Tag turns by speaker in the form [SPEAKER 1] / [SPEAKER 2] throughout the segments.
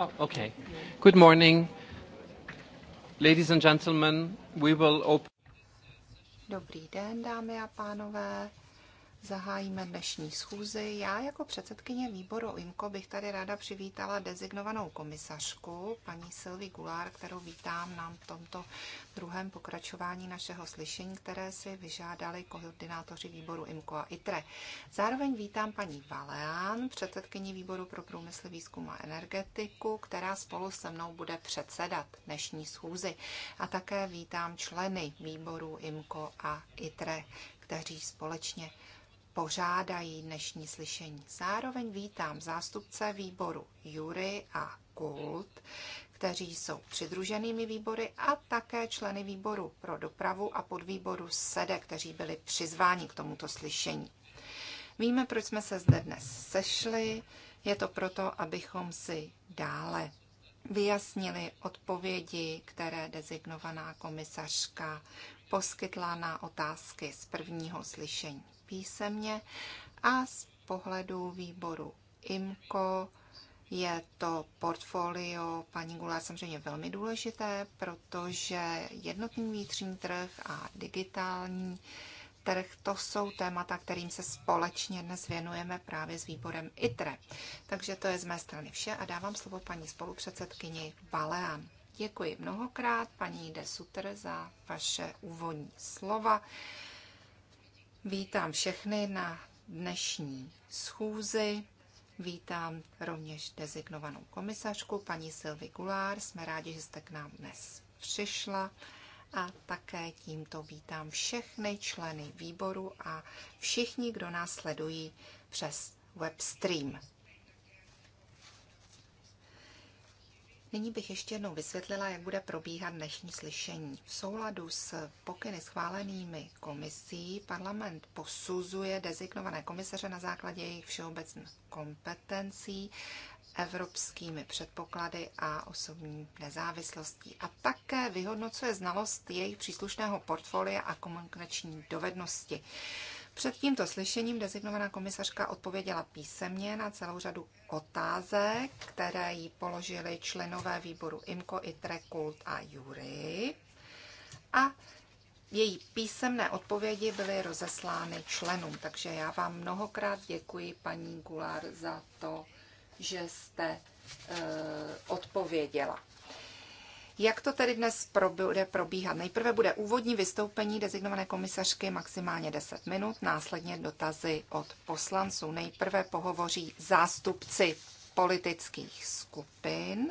[SPEAKER 1] Oh, okay. Good morning, ladies and gentlemen. We will open...
[SPEAKER 2] Dobrý den, dámy a pánové zahájíme dnešní schůzi. Já jako předsedkyně výboru IMKO bych tady ráda přivítala dezignovanou komisařku, paní Silvi Gulár, kterou vítám na tomto druhém pokračování našeho slyšení, které si vyžádali koordinátoři výboru IMKO a ITRE. Zároveň vítám paní Valean, předsedkyni výboru pro průmysl, výzkum a energetiku, která spolu se mnou bude předsedat dnešní schůzi. A také vítám členy výboru IMKO a ITRE, kteří společně pořádají dnešní slyšení. Zároveň vítám zástupce výboru Jury a Kult, kteří jsou přidruženými výbory a také členy výboru pro dopravu a podvýboru SEDE, kteří byli přizváni k tomuto slyšení. Víme, proč jsme se zde dnes sešli. Je to proto, abychom si dále vyjasnili odpovědi, které dezignovaná komisařka poskytla na otázky z prvního slyšení písemně a z pohledu výboru IMCO je to portfolio paní Gula samozřejmě velmi důležité, protože jednotný vnitřní trh a digitální trh, to jsou témata, kterým se společně dnes věnujeme právě s výborem ITRE. Takže to je z mé strany vše a dávám slovo paní spolupředsedkyni Balean. Děkuji mnohokrát paní Desuter za vaše úvodní slova. Vítám všechny na dnešní schůzi. Vítám rovněž dezignovanou komisařku, paní Silvi Gulár. Jsme rádi, že jste k nám dnes přišla a také tímto vítám všechny členy výboru a všichni, kdo nás sledují přes webstream. Nyní bych ještě jednou vysvětlila, jak bude probíhat dnešní slyšení. V souladu s pokyny schválenými komisí parlament posuzuje dezignované komisaře na základě jejich všeobecných kompetencí, evropskými předpoklady a osobní nezávislostí a také vyhodnocuje znalost jejich příslušného portfolia a komunikační dovednosti. Před tímto slyšením designovaná komisařka odpověděla písemně na celou řadu otázek, které jí položili členové výboru IMCO, ITRE, KULT a JURY. A její písemné odpovědi byly rozeslány členům, takže já vám mnohokrát děkuji, paní Gular, za to, že jste e, odpověděla. Jak to tedy dnes bude probíhat? Nejprve bude úvodní vystoupení dezignované komisařky maximálně 10 minut, následně dotazy od poslanců. Nejprve pohovoří zástupci politických skupin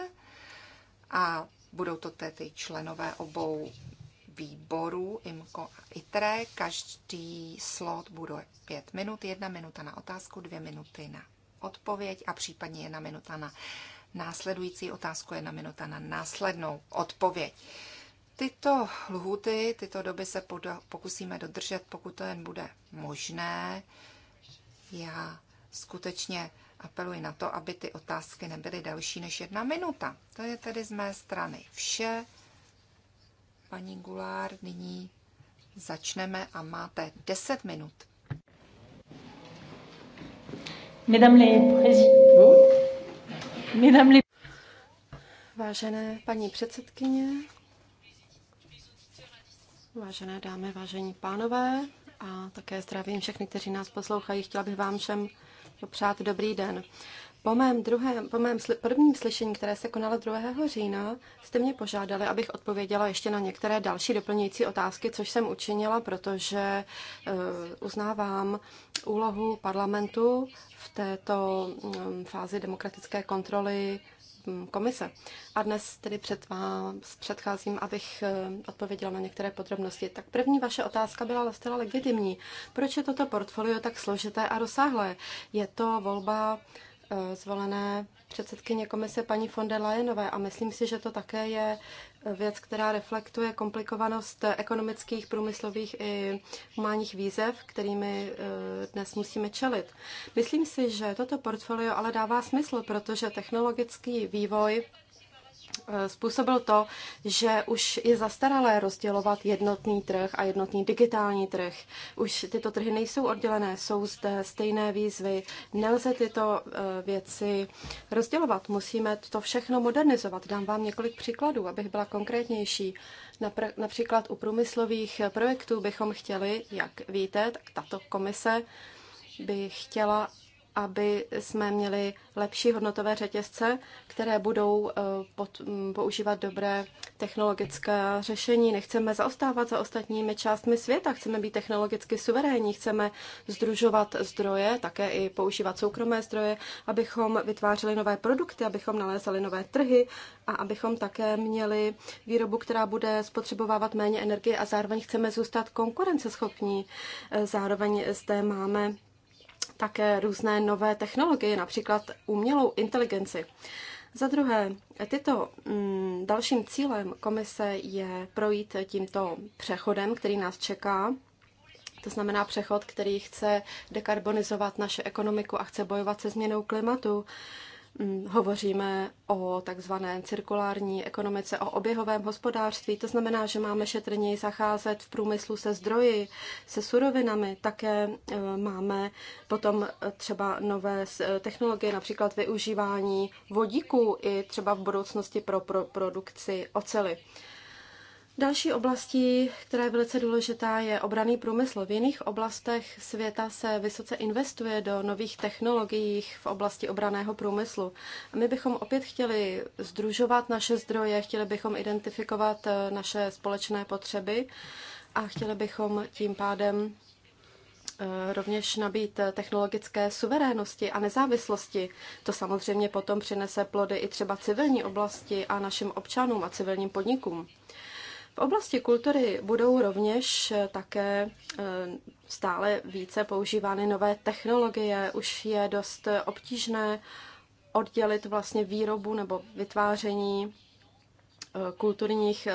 [SPEAKER 2] a budou to tedy členové obou výborů IMCO a ITRE. Každý slot bude pět minut, jedna minuta na otázku, dvě minuty na odpověď a případně jedna minuta na následující otázku jedna minuta na následnou odpověď. Tyto lhuty, tyto doby se pokusíme dodržet, pokud to jen bude možné. Já skutečně apeluji na to, aby ty otázky nebyly delší než jedna minuta. To je tedy z mé strany vše. Paní Gulár, nyní začneme a máte 10 minut.
[SPEAKER 3] Mesdames les présidentes,
[SPEAKER 1] Vážené paní předsedkyně, vážené dámy, vážení pánové, a také zdravím všechny, kteří nás poslouchají. Chtěla bych vám všem popřát dobrý den. Po mém, druhém, po mém prvním slyšení, které se konalo 2. října, jste mě požádali, abych odpověděla ještě na některé další doplňující otázky, což jsem učinila, protože eh, uznávám úlohu parlamentu v této mm, fázi demokratické kontroly mm, komise. A dnes tedy před vás předcházím, abych eh, odpověděla na některé podrobnosti. Tak první vaše otázka byla zcela legitimní. Proč je toto portfolio tak složité a rozsáhlé? Je to volba Eh, zvolené předsedkyně komise paní von der Leyenové a myslím si, že to také je věc, která reflektuje komplikovanost ekonomických, průmyslových i humánních výzev, kterými eh, dnes musíme čelit. Myslím si, že toto portfolio ale dává smysl, protože technologický vývoj Eh, způsobil to, že už je zastaralé rozdělovat jednotný trh a jednotný digitální trh. Už tyto trhy nejsou oddělené, jsou zde stejné výzvy. Nelze tyto eh, věci rozdělovat. Musíme to všechno modernizovat. Dám vám několik příkladů, abych byla konkrétnější. Například u průmyslových projektů bychom chtěli, jak víte, tak tato komise by chtěla aby jsme měli lepší hodnotové řetězce, které budou eh, pod, mm, používat dobré technologické řešení. Nechceme zaostávat za ostatními částmi světa, chceme být technologicky suverénní, chceme združovat zdroje, také i používat soukromé zdroje, abychom vytvářeli nové produkty, abychom nalézali nové trhy a abychom také měli výrobu, která bude spotřebovávat méně energie a zároveň chceme zůstat konkurenceschopní. Eh, zároveň zde máme také různé nové technologie, například umělou inteligenci. Za druhé, tyto mm, dalším cílem komise je projít tímto přechodem, který nás čeká. To znamená přechod, který chce dekarbonizovat naše ekonomiku a chce bojovat se změnou klimatu. Uh, Mm, hovoříme o takzvané cirkulární ekonomice, o oběhovém hospodářství. To znamená, že máme šetrněji zacházet v průmyslu se zdroji, se surovinami. Také eh, máme potom třeba nové eh, technologie, například využívání vodíků i třeba v budoucnosti pro, pro produkci ocely. Další oblastí, která je velice důležitá, je obraný průmysl. V jiných oblastech světa se vysoce investuje do nových technologií v oblasti obraného průmyslu. A my bychom opět chtěli združovat naše zdroje, chtěli bychom identifikovat eh, naše společné potřeby a chtěli bychom tím pádem eh, rovněž nabít eh, technologické suverénosti a nezávislosti. To samozřejmě potom přinese plody i třeba civilní oblasti a našim občanům a civilním podnikům. V oblasti kultury budou rovněž eh, také eh, stále více používány nové technologie. Už je dost eh, obtížné oddělit vlastně výrobu nebo vytváření kulturních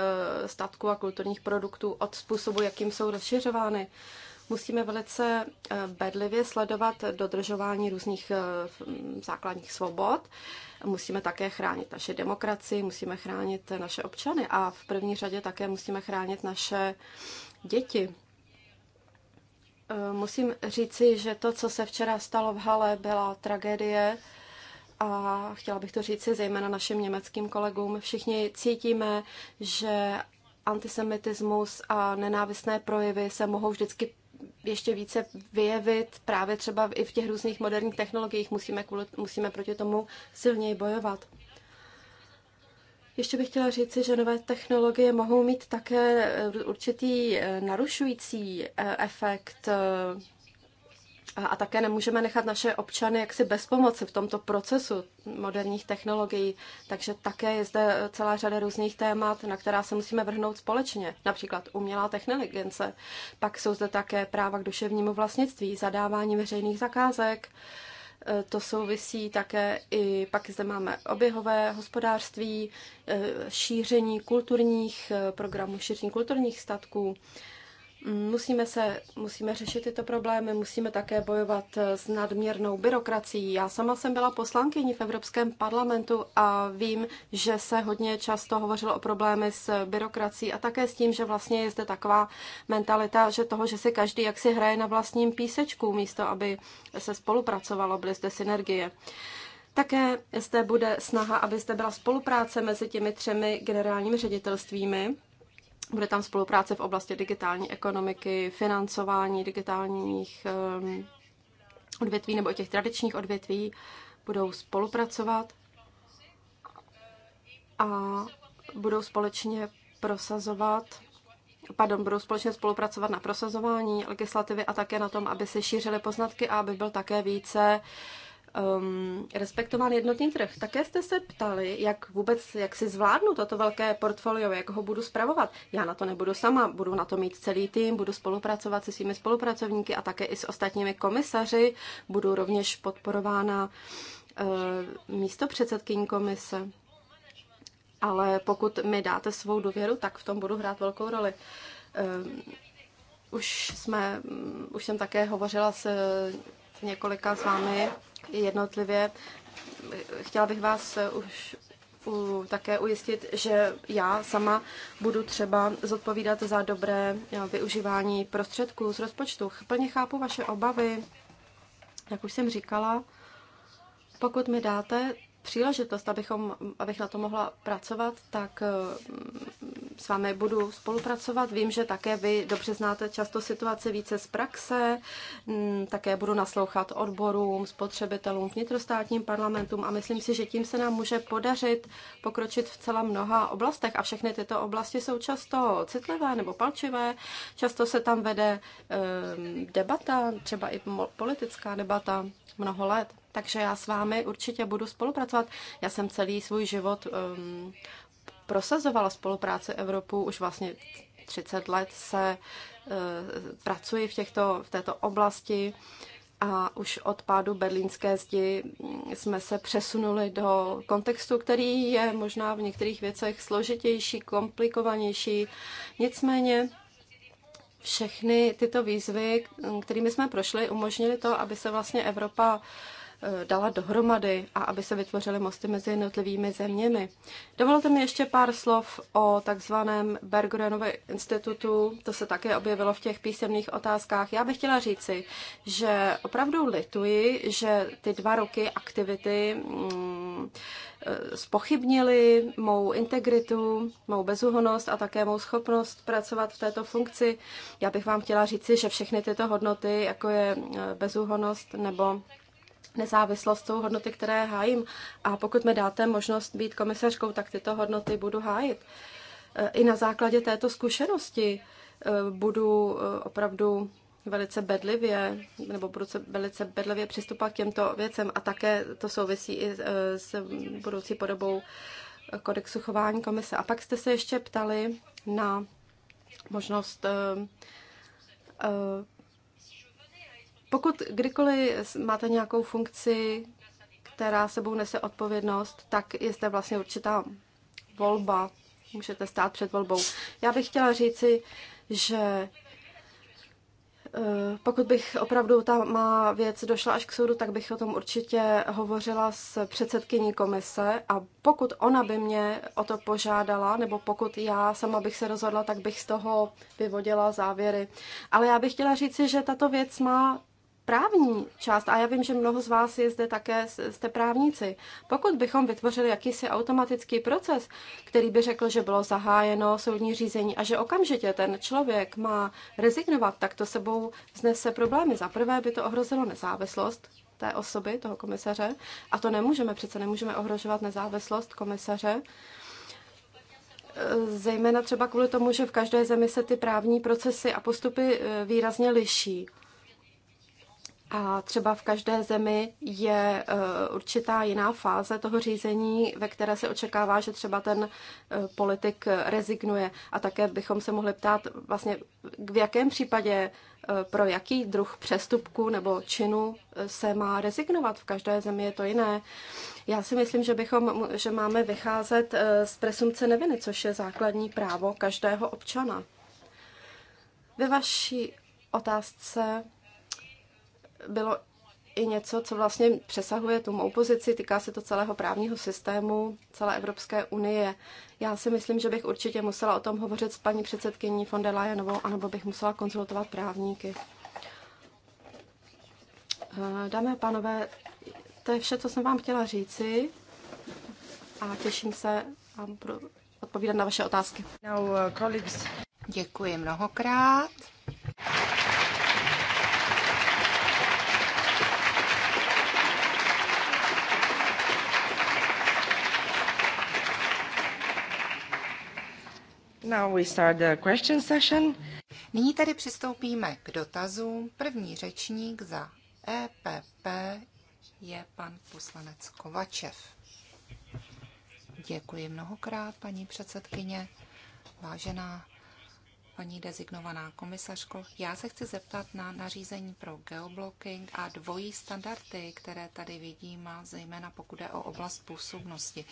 [SPEAKER 1] statků a kulturních produktů od způsobu, jakým jsou rozšiřovány musíme velice eh, bedlivě sledovat dodržování různých eh, základních svobod. Musíme také chránit naše demokracii, musíme chránit naše občany a v první řadě také musíme chránit naše děti. Eh, musím říci, že to, co se včera stalo v Hale, byla tragédie a chtěla bych to říci zejména našim německým kolegům. Všichni cítíme, že antisemitismus a nenávistné projevy se mohou vždycky ještě více vyjevit právě třeba i v těch různých moderních technologiích. Musíme, kvůli, musíme proti tomu silněji bojovat. Ještě bych chtěla říci, že nové technologie mohou mít také eh, určitý eh, narušující eh, efekt a, a také nemůžeme nechat naše občany jaksi bez pomoci v tomto procesu moderních technologií. Takže také je zde celá řada různých témat, na která se musíme vrhnout společně. Například umělá technologie. Pak jsou zde také práva k duševnímu vlastnictví, zadávání veřejných zakázek. E, to souvisí také i, pak zde máme oběhové hospodářství, e, šíření kulturních e, programů, šíření kulturních statků. Musíme, se, musíme řešit tyto problémy, musíme také bojovat eh, s nadměrnou byrokracií. Já sama jsem byla poslankyní v Evropském parlamentu a vím, že se hodně často hovořilo o problémy s byrokracií a také s tím, že vlastně je zde taková mentalita, že toho, že si každý jak si hraje na vlastním písečku, místo aby se spolupracovalo, byly zde synergie. Také zde bude snaha, aby zde byla spolupráce mezi těmi třemi generálními ředitelstvími bude tam spolupráce v oblasti digitální ekonomiky, financování digitálních ehm, odvětví nebo těch tradičních odvětví. Budou spolupracovat a budou společně prosazovat pardon, budou společně spolupracovat na prosazování legislativy a také na tom, aby se šířily poznatky a aby byl také více um, respektován jednotný trh. Také jste se ptali, jak vůbec, jak si zvládnu toto velké portfolio, jak ho budu spravovat. Já na to nebudu sama, budu na to mít celý tým, budu spolupracovat se svými spolupracovníky a také i s ostatními komisaři. Budu rovněž podporována uh, místo předsedkyní komise. Ale pokud mi dáte svou důvěru, tak v tom budu hrát velkou roli. Um, už, jsme, um, už jsem také hovořila s několika s vámi jednotlivě. Chtěla bych vás eh, už u, také ujistit, že já sama budu třeba zodpovídat za dobré eh, využívání prostředků z rozpočtu. Plně chápu vaše obavy, jak už jsem říkala. Pokud mi dáte příležitost, abychom, abych na to mohla pracovat, tak eh, s vámi budu spolupracovat. Vím, že také vy dobře znáte často situaci více z praxe, mm, také budu naslouchat odborům, spotřebitelům, vnitrostátním parlamentům a myslím si, že tím se nám může podařit pokročit v celá mnoha oblastech a všechny tyto oblasti jsou často citlivé nebo palčivé, často se tam vede eh, debata, třeba i politická debata mnoho let takže já s vámi určitě budu spolupracovat. Já jsem celý svůj život um, prosazovala spolupráci Evropu, už vlastně 30 let se uh, pracuji v, těchto, v této oblasti a už od pádu berlínské zdi mm, jsme se přesunuli do kontextu, který je možná v některých věcech složitější, komplikovanější. Nicméně všechny tyto výzvy, kterými jsme prošli, umožnily to, aby se vlastně Evropa uh, Eh, dala dohromady a aby se vytvořily mosty mezi jednotlivými zeměmi. Dovolte mi ještě pár slov o takzvaném Bergrenově institutu. To se také objevilo v těch písemných otázkách. Já bych chtěla říci, že opravdu lituji, že ty dva roky aktivity mm, eh, spochybnili mou integritu, mou bezuhonost a také mou schopnost pracovat v této funkci. Já bych vám chtěla říci, že všechny tyto hodnoty, jako je eh, bezuhonost nebo nezávislost jsou hodnoty, které hájím. A pokud mi dáte možnost být komisařkou, tak tyto hodnoty budu hájit. E, I na základě této zkušenosti e, budu e, opravdu velice bedlivě, nebo budu se velice bedlivě přistupovat k těmto věcem a také to souvisí i s budoucí podobou kodexu chování komise. A pak jste se ještě ptali na možnost pokud kdykoliv máte nějakou funkci, která sebou nese odpovědnost, tak je zde vlastně určitá volba. Můžete stát před volbou. Já bych chtěla říci, že eh, pokud bych opravdu ta má věc došla až k soudu, tak bych o tom určitě hovořila s předsedkyní komise a pokud ona by mě o to požádala, nebo pokud já sama bych se rozhodla, tak bych z toho vyvodila závěry. Ale já bych chtěla říci, že tato věc má právní část, a já vím, že mnoho z vás je zde také, jste právníci, pokud bychom vytvořili jakýsi automatický proces, který by řekl, že bylo zahájeno soudní řízení a že okamžitě ten člověk má rezignovat, tak to sebou znese problémy. Za prvé by to ohrozilo nezávislost té osoby, toho komisaře, a to nemůžeme, přece nemůžeme ohrožovat nezávislost komisaře, zejména třeba kvůli tomu, že v každé zemi se ty právní procesy a postupy eh, výrazně liší. A třeba v každé zemi je e, určitá jiná fáze toho řízení, ve které se očekává, že třeba ten e, politik rezignuje. A také bychom se mohli ptát, vlastně v jakém případě, e, pro jaký druh přestupku nebo činu se má rezignovat. V každé zemi je to jiné. Já si myslím, že, bychom, že máme vycházet z presumce neviny, což je základní právo každého občana. Ve vaší otázce bylo i něco, co vlastně přesahuje tu mou pozici, týká se to celého právního systému, celé Evropské unie. Já si myslím, že bych určitě musela o tom hovořit s paní předsedkyní von der Leyenovou, anebo bych musela konzultovat právníky. Eh, dámy a pánové, to je vše, co jsem vám chtěla říci a těším se a budu odpovídat na vaše otázky. Uh,
[SPEAKER 2] Děkuji mnohokrát. Now we start the question session. Nyní tedy přistoupíme k dotazům. První řečník za EPP je pan poslanec Kovačev. Děkuji mnohokrát, paní předsedkyně. Vážená paní dezignovaná komisařko. Já se chci zeptat na nařízení pro geoblocking a dvojí standardy, které tady vidím, a zejména pokud je o oblast působnosti.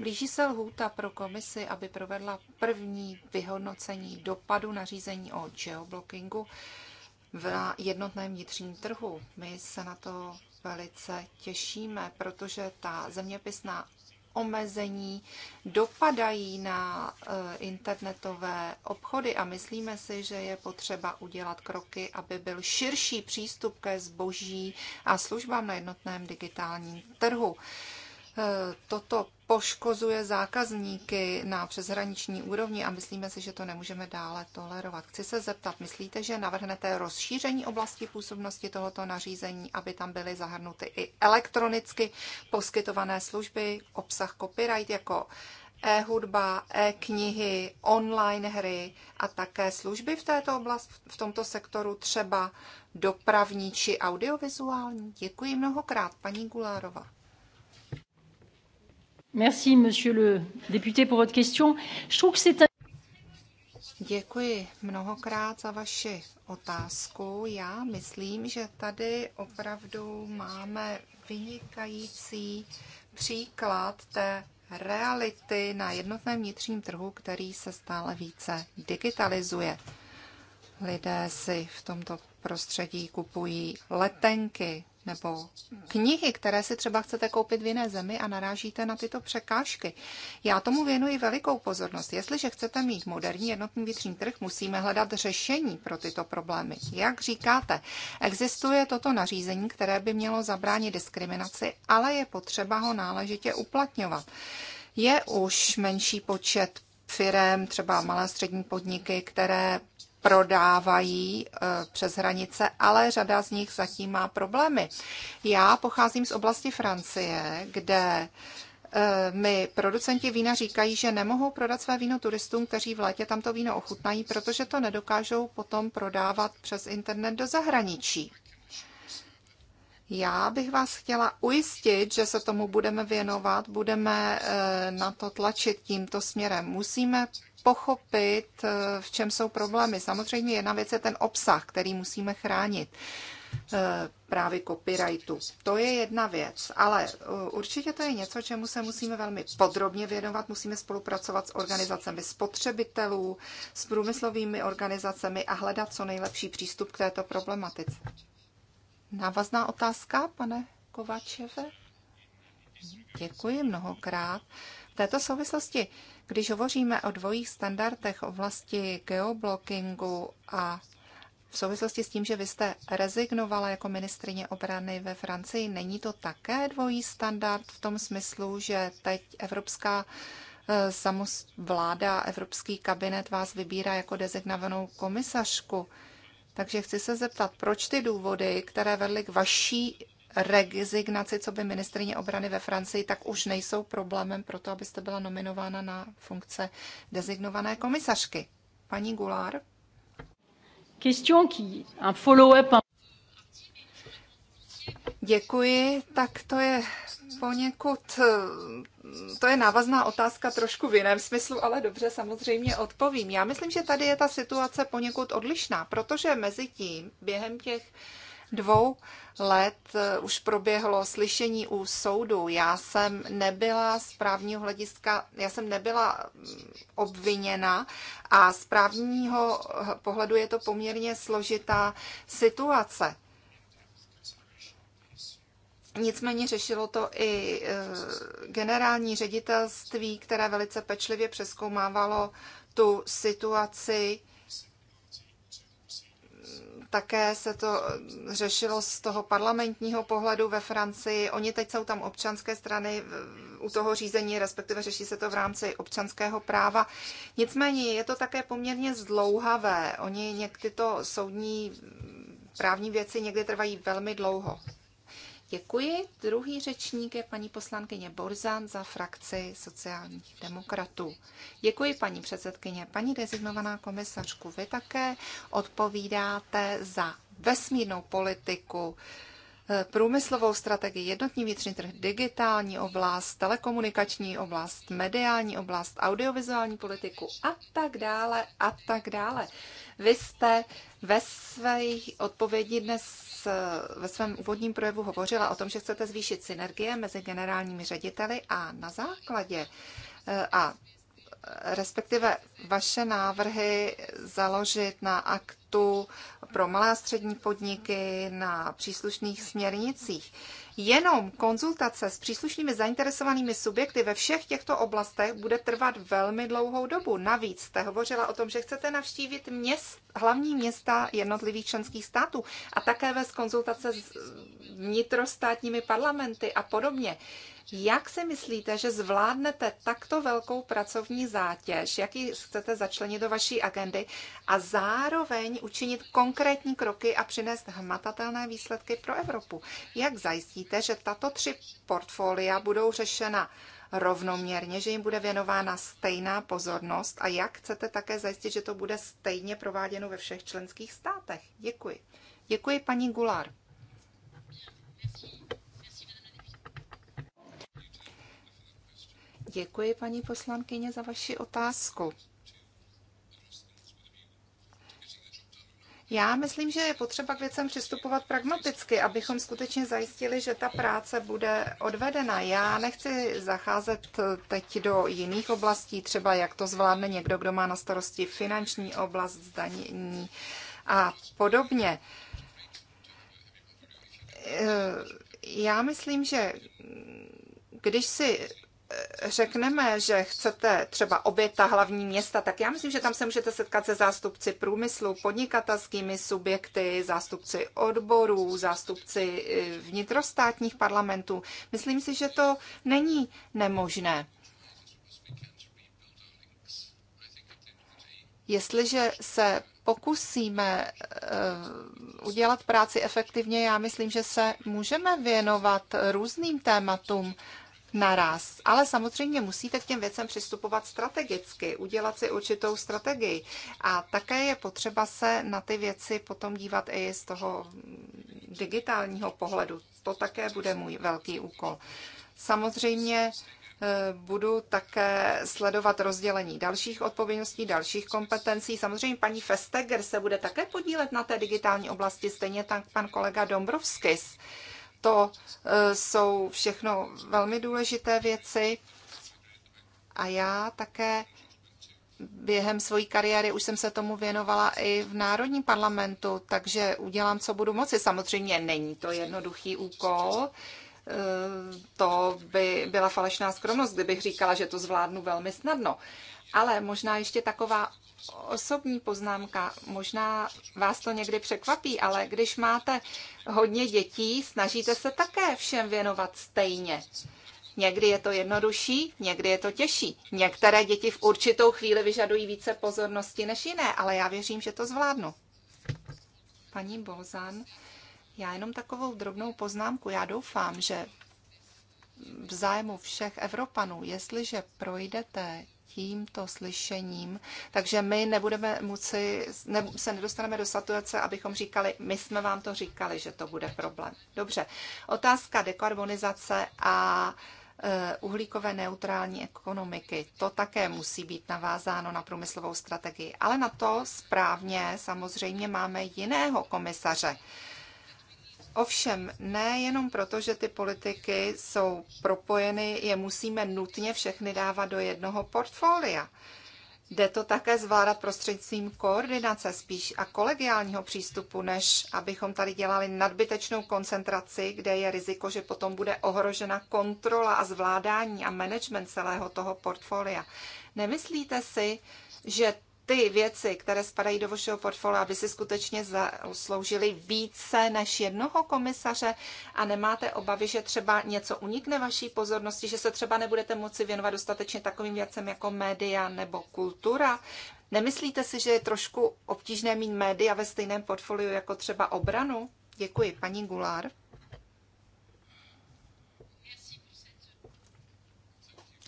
[SPEAKER 2] Blíží se lhůta pro komisi, aby provedla první vyhodnocení dopadu nařízení o geoblockingu v jednotném vnitřním trhu. My se na to velice těšíme, protože ta zeměpisná omezení dopadají na e, internetové obchody a myslíme si, že je potřeba udělat kroky, aby byl širší přístup ke zboží a službám na jednotném digitálním trhu. E, toto poškozuje zákazníky na přeshraniční úrovni a myslíme si, že to nemůžeme dále tolerovat. Chci se zeptat, myslíte, že navrhnete rozšíření oblasti působnosti tohoto nařízení, aby tam byly zahrnuty i elektronicky poskytované služby, obsah copyright jako e-hudba, e-knihy, online hry a také služby v této oblasti, v tomto sektoru třeba dopravní či audiovizuální? Děkuji mnohokrát, paní Gulárova.
[SPEAKER 3] Merci, monsieur le député, pour votre question. Je trouve que c'est
[SPEAKER 2] Děkuji mnohokrát za vaši otázku. Já myslím, že tady opravdu máme vynikající příklad té reality na jednotném vnitřním trhu, který se stále více digitalizuje. Lidé si v tomto prostředí kupují letenky, nebo knihy, které si třeba chcete koupit v jiné zemi a narážíte na tyto překážky. Já tomu věnuji velikou pozornost. Jestliže chcete mít moderní jednotný vnitřní trh, musíme hledat řešení pro tyto problémy. Jak říkáte, existuje toto nařízení, které by mělo zabránit diskriminaci, ale je potřeba ho náležitě uplatňovat. Je už menší počet firem, třeba malé střední podniky, které prodávají eh, přes hranice, ale řada z nich zatím má problémy. Já pocházím z oblasti Francie, kde eh, mi producenti vína říkají, že nemohou prodat své víno turistům, kteří v létě tamto víno ochutnají, protože to nedokážou potom prodávat přes internet do zahraničí. Já bych vás chtěla ujistit, že se tomu budeme věnovat, budeme eh, na to tlačit tímto směrem. Musíme pochopit, eh, v čem jsou problémy. Samozřejmě jedna věc je ten obsah, který musíme chránit eh, právě copyrightu. To je jedna věc, ale eh, určitě to je něco, čemu se musíme velmi podrobně věnovat. Musíme spolupracovat s organizacemi spotřebitelů, s průmyslovými organizacemi a hledat co nejlepší přístup k této problematice. Návazná otázka, pane Kovačeve? Děkuji mnohokrát. V této souvislosti když hovoříme o dvojích standardech v oblasti geoblockingu a v souvislosti s tím, že vy jste rezignovala jako ministrině obrany ve Francii, není to také dvojí standard v tom smyslu, že teď Evropská eh, vláda, Evropský kabinet vás vybírá jako dezignovanou komisařku. Takže chci se zeptat, proč ty důvody, které vedly k vaší rezignaci, co by ministrině obrany ve Francii, tak už nejsou problémem pro to, abyste byla nominována na funkce dezignované komisařky. Paní Gulár. Question qui,
[SPEAKER 3] un follow-up.
[SPEAKER 2] Děkuji, tak to je poněkud, to je návazná otázka trošku v jiném smyslu, ale dobře, samozřejmě odpovím. Já myslím, že tady je ta situace poněkud odlišná, protože mezi tím během těch dvou let eh, už proběhlo slyšení u soudu. Já jsem nebyla z právního hlediska, já jsem nebyla mm, obviněna a z právního pohledu je to poměrně složitá situace. Nicméně řešilo to i eh, generální ředitelství, které velice pečlivě přeskoumávalo tu situaci také se to eh, řešilo z toho parlamentního pohledu ve Francii. Oni teď jsou tam občanské strany u toho řízení, respektive řeší se to v rámci občanského práva. Nicméně je to také poměrně zdlouhavé. Oni někdy to soudní mm, právní věci někdy trvají velmi dlouho. Děkuji. Druhý řečník je paní poslankyně Borzan za frakci sociálních demokratů. Děkuji, paní předsedkyně. Paní designovaná komisařku, vy také odpovídáte za vesmírnou politiku, eh, průmyslovou strategii, jednotný vnitřní trh, digitální oblast, telekomunikační oblast, mediální oblast, audiovizuální politiku a tak dále a tak dále. Vy jste ve své odpovědi dnes Eh, ve svém úvodním projevu hovořila o tom, že chcete zvýšit synergie mezi generálními řediteli a na základě eh, a respektive vaše návrhy založit na aktu pro malé a střední podniky, na příslušných směrnicích. Jenom konzultace s příslušnými zainteresovanými subjekty ve všech těchto oblastech bude trvat velmi dlouhou dobu. Navíc jste hovořila o tom, že chcete navštívit měst, hlavní města jednotlivých členských států a také vést konzultace s vnitrostátními parlamenty a podobně. Jak si myslíte, že zvládnete takto velkou pracovní zátěž, jaký chcete začlenit do vaší agendy a zároveň učinit konkrétní kroky a přinést hmatatelné výsledky pro Evropu? Jak zajistíte, že tato tři portfolia budou řešena rovnoměrně, že jim bude věnována stejná pozornost a jak chcete také zajistit, že to bude stejně prováděno ve všech členských státech? Děkuji. Děkuji paní Gular. Děkuji, paní poslankyně, za vaši otázku. Já myslím, že je potřeba k věcem přistupovat pragmaticky, abychom skutečně zajistili, že ta práce bude odvedena. Já nechci zacházet teď do jiných oblastí, třeba jak to zvládne někdo, kdo má na starosti finanční oblast, zdanění a podobně. E, já myslím, že když si řekneme, že chcete třeba oběta hlavní města, tak já myslím, že tam se můžete setkat se zástupci průmyslu, podnikatelskými subjekty, zástupci odborů, zástupci e, vnitrostátních parlamentů. Myslím si, že to není nemožné. Jestliže se pokusíme e, udělat práci efektivně, já myslím, že se můžeme věnovat různým tématům naraz. Ale samozřejmě musíte k těm věcem přistupovat strategicky, udělat si určitou strategii. A také je potřeba se na ty věci potom dívat i z toho digitálního pohledu. To také bude můj velký úkol. Samozřejmě eh, budu také sledovat rozdělení dalších odpovědností, dalších kompetencí. Samozřejmě paní Festeger se bude také podílet na té digitální oblasti, stejně tak pan kolega Dombrovskis. To eh, jsou všechno velmi důležité věci. A já také během své kariéry už jsem se tomu věnovala i v Národním parlamentu, takže udělám, co budu moci. Samozřejmě není to jednoduchý úkol. Eh, to by byla falešná skromnost, kdybych říkala, že to zvládnu velmi snadno. Ale možná ještě taková osobní poznámka. Možná vás to někdy překvapí, ale když máte hodně dětí, snažíte se také všem věnovat stejně. Někdy je to jednodušší, někdy je to těžší. Některé děti v určitou chvíli vyžadují více pozornosti než jiné, ale já věřím, že to zvládnu. Paní Bolzan, já jenom takovou drobnou poznámku. Já doufám, že v zájmu všech Evropanů, jestliže projdete tímto slyšením, takže my nebudeme moci, ne, se nedostaneme do situace, abychom říkali, my jsme vám to říkali, že to bude problém. Dobře, otázka dekarbonizace a e, uhlíkové neutrální ekonomiky. To také musí být navázáno na průmyslovou strategii. Ale na to správně samozřejmě máme jiného komisaře. Ovšem ne jenom proto, že ty politiky jsou propojeny, je musíme nutně všechny dávat do jednoho portfolia. Jde to také zvládat prostřednictvím koordinace spíš a kolegiálního přístupu, než abychom tady dělali nadbytečnou koncentraci, kde je riziko, že potom bude ohrožena kontrola a zvládání a management celého toho portfolia. Nemyslíte si, že ty věci, které spadají do vašeho portfolia, aby si skutečně sloužily více než jednoho komisaře a nemáte obavy, že třeba něco unikne vaší pozornosti, že se třeba nebudete moci věnovat dostatečně takovým věcem jako média nebo kultura? Nemyslíte si, že je trošku obtížné mít média ve stejném portfoliu jako třeba obranu? Děkuji, paní Gulár.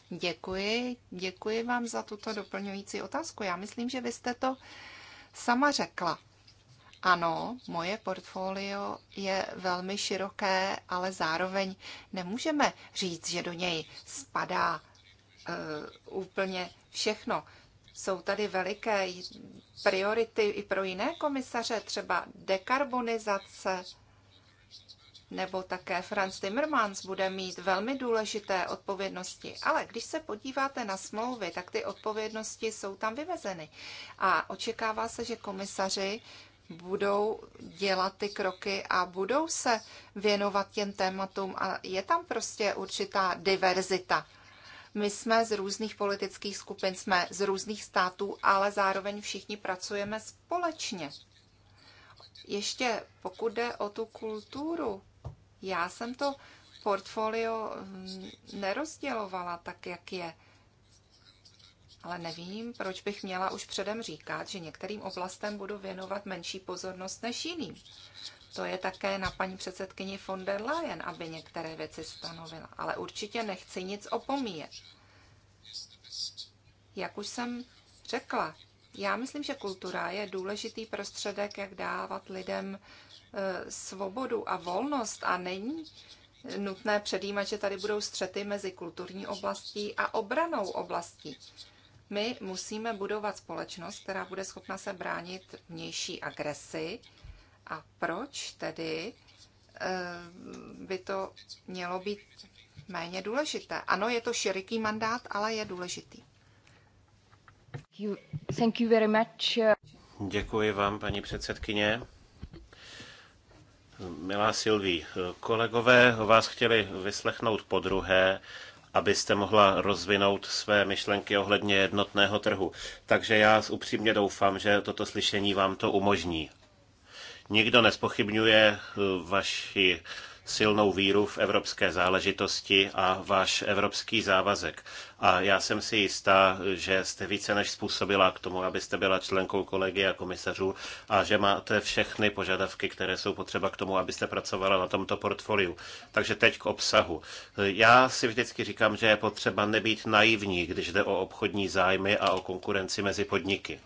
[SPEAKER 2] Děkuji, děkuji vám za tuto doplňující otázku. Já myslím, že vy jste to sama řekla. Ano, moje portfolio je velmi široké, ale zároveň nemůžeme říct, že do něj spadá uh, úplně všechno. Jsou tady veliké priority i pro jiné komisaře, třeba dekarbonizace, nebo také Franz Timmermans bude mít velmi důležité odpovědnosti. Ale když se podíváte na smlouvy, tak ty odpovědnosti jsou tam vymezeny. A očekává se, že komisaři budou dělat ty kroky a budou se věnovat těm tématům a je tam prostě určitá diverzita. My jsme z různých politických skupin, jsme z různých států, ale zároveň všichni pracujeme společně. Ještě pokud jde o tu kulturu, já jsem to portfolio hm, nerozdělovala tak, jak je. Ale nevím, proč bych měla už předem říkat, že některým oblastem budu věnovat menší pozornost než jiným. To je také na paní předsedkyni von der Leyen, aby některé věci stanovila. Ale určitě nechci nic opomíjet. Jak už jsem řekla, já myslím, že kultura je důležitý prostředek, jak dávat lidem Eh, svobodu a volnost a není nutné předjímat, že tady budou střety mezi kulturní oblastí a obranou oblastí. My musíme budovat společnost, která bude schopna se bránit vnější agresi. A proč tedy eh, by to mělo být méně důležité? Ano, je to široký mandát, ale je důležitý. Thank you very much.
[SPEAKER 4] Děkuji vám, paní předsedkyně. Milá Silví, kolegové vás chtěli vyslechnout po druhé, abyste mohla rozvinout své myšlenky ohledně jednotného trhu. Takže já upřímně doufám, že toto slyšení vám to umožní. Nikdo nespochybňuje eh, vaši silnou víru v evropské záležitosti a váš evropský závazek. A já jsem si jistá, že jste více než způsobila k tomu, abyste byla členkou kolegy a komisařů a že máte všechny požadavky, které jsou potřeba k tomu, abyste pracovala na tomto portfoliu. Takže teď k obsahu. Já si vždycky říkám, že je potřeba nebýt naivní, když jde o obchodní zájmy a o konkurenci mezi podniky.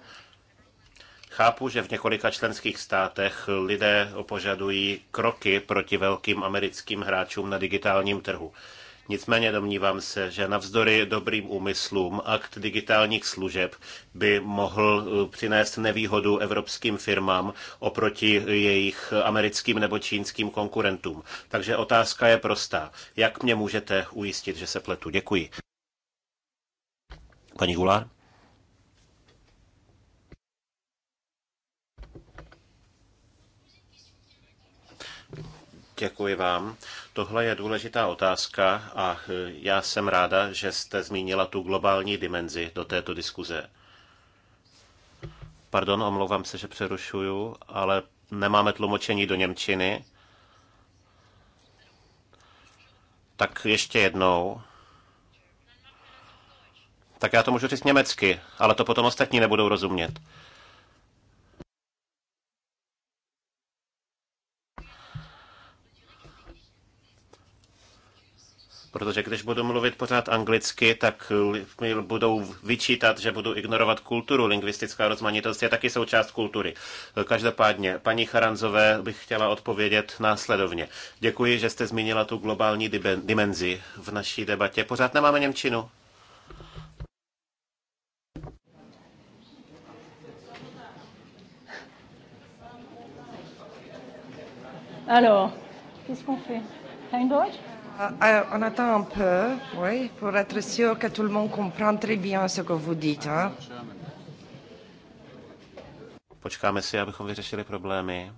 [SPEAKER 4] Chápu, že v několika členských státech lidé požadují kroky proti velkým americkým hráčům na digitálním trhu. Nicméně domnívám se, že navzdory dobrým úmyslům akt digitálních služeb by mohl eh, přinést nevýhodu evropským firmám oproti jejich americkým nebo čínským konkurentům. Takže otázka je prostá. Jak mě můžete ujistit, že se pletu? Děkuji. Paní Gulár? Děkuji vám. Tohle je důležitá otázka a eh, já jsem ráda, že jste zmínila tu globální dimenzi do této diskuze. Pardon, omlouvám se, že přerušuju, ale nemáme tlumočení do Němčiny. Tak ještě jednou. Tak já to můžu říct německy, ale to potom ostatní nebudou rozumět. Protože když budu mluvit pořád anglicky, tak mi budou vyčítat, že budu ignorovat kulturu. Lingvistická rozmanitost je taky součást kultury. Každopádně, paní Charanzové bych chtěla odpovědět následovně. Děkuji, že jste zmínila tu globální dimenzi v naší debatě. Pořád nemáme Němčinu.
[SPEAKER 3] Alors, qu'est-ce qu'on fait Kein Deutsch Ah, on attend un peu, oui, pour être sûr que tout
[SPEAKER 2] le monde comprend très bien ce que vous dites. Hein?
[SPEAKER 4] Počkáme si, abychom vyřešili problémy.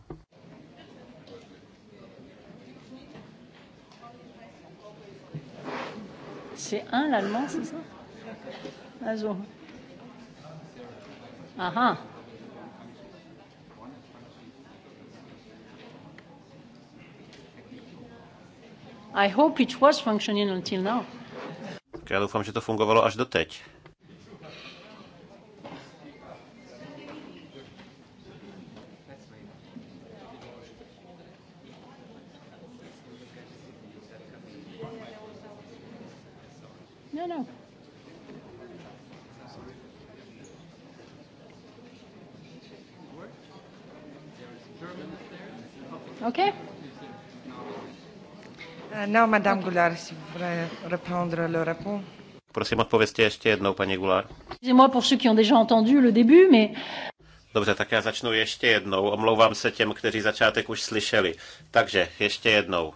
[SPEAKER 3] C'est un l'allemand, c'est ça Ah, ah. I hope it was functioning until now.
[SPEAKER 4] Tak já doufám, že to fungovalo až do teď.
[SPEAKER 3] No, no. Okay. No, Madame Goulard, si bude reprendre le repos.
[SPEAKER 4] Prosím, odpověste ještě jednou, paní Goulard. Dobře, tak já začnu ještě jednou. Omlouvám se těm, kteří začátek už slyšeli. Takže ještě jednou.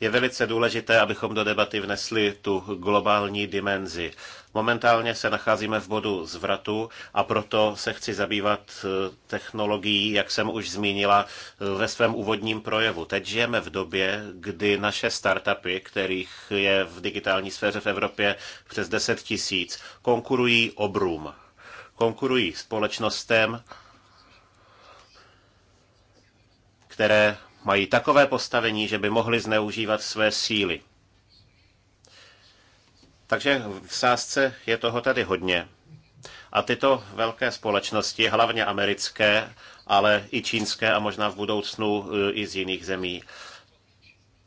[SPEAKER 4] Je velice důležité, abychom do debaty vnesli tu globální dimenzi. Momentálně se nacházíme v bodu zvratu a proto se chci zabývat eh, technologií, jak jsem už zmínila eh, ve svém úvodním projevu. Teď žijeme v době, kdy naše startupy, kterých je v digitální sféře v Evropě přes 10 tisíc, konkurují obrům. Konkurují společnostem, které mají takové postavení, že by mohly zneužívat své síly. Takže v sázce je toho tady hodně. A tyto velké společnosti, hlavně americké, ale i čínské a možná v budoucnu e, i z jiných zemí,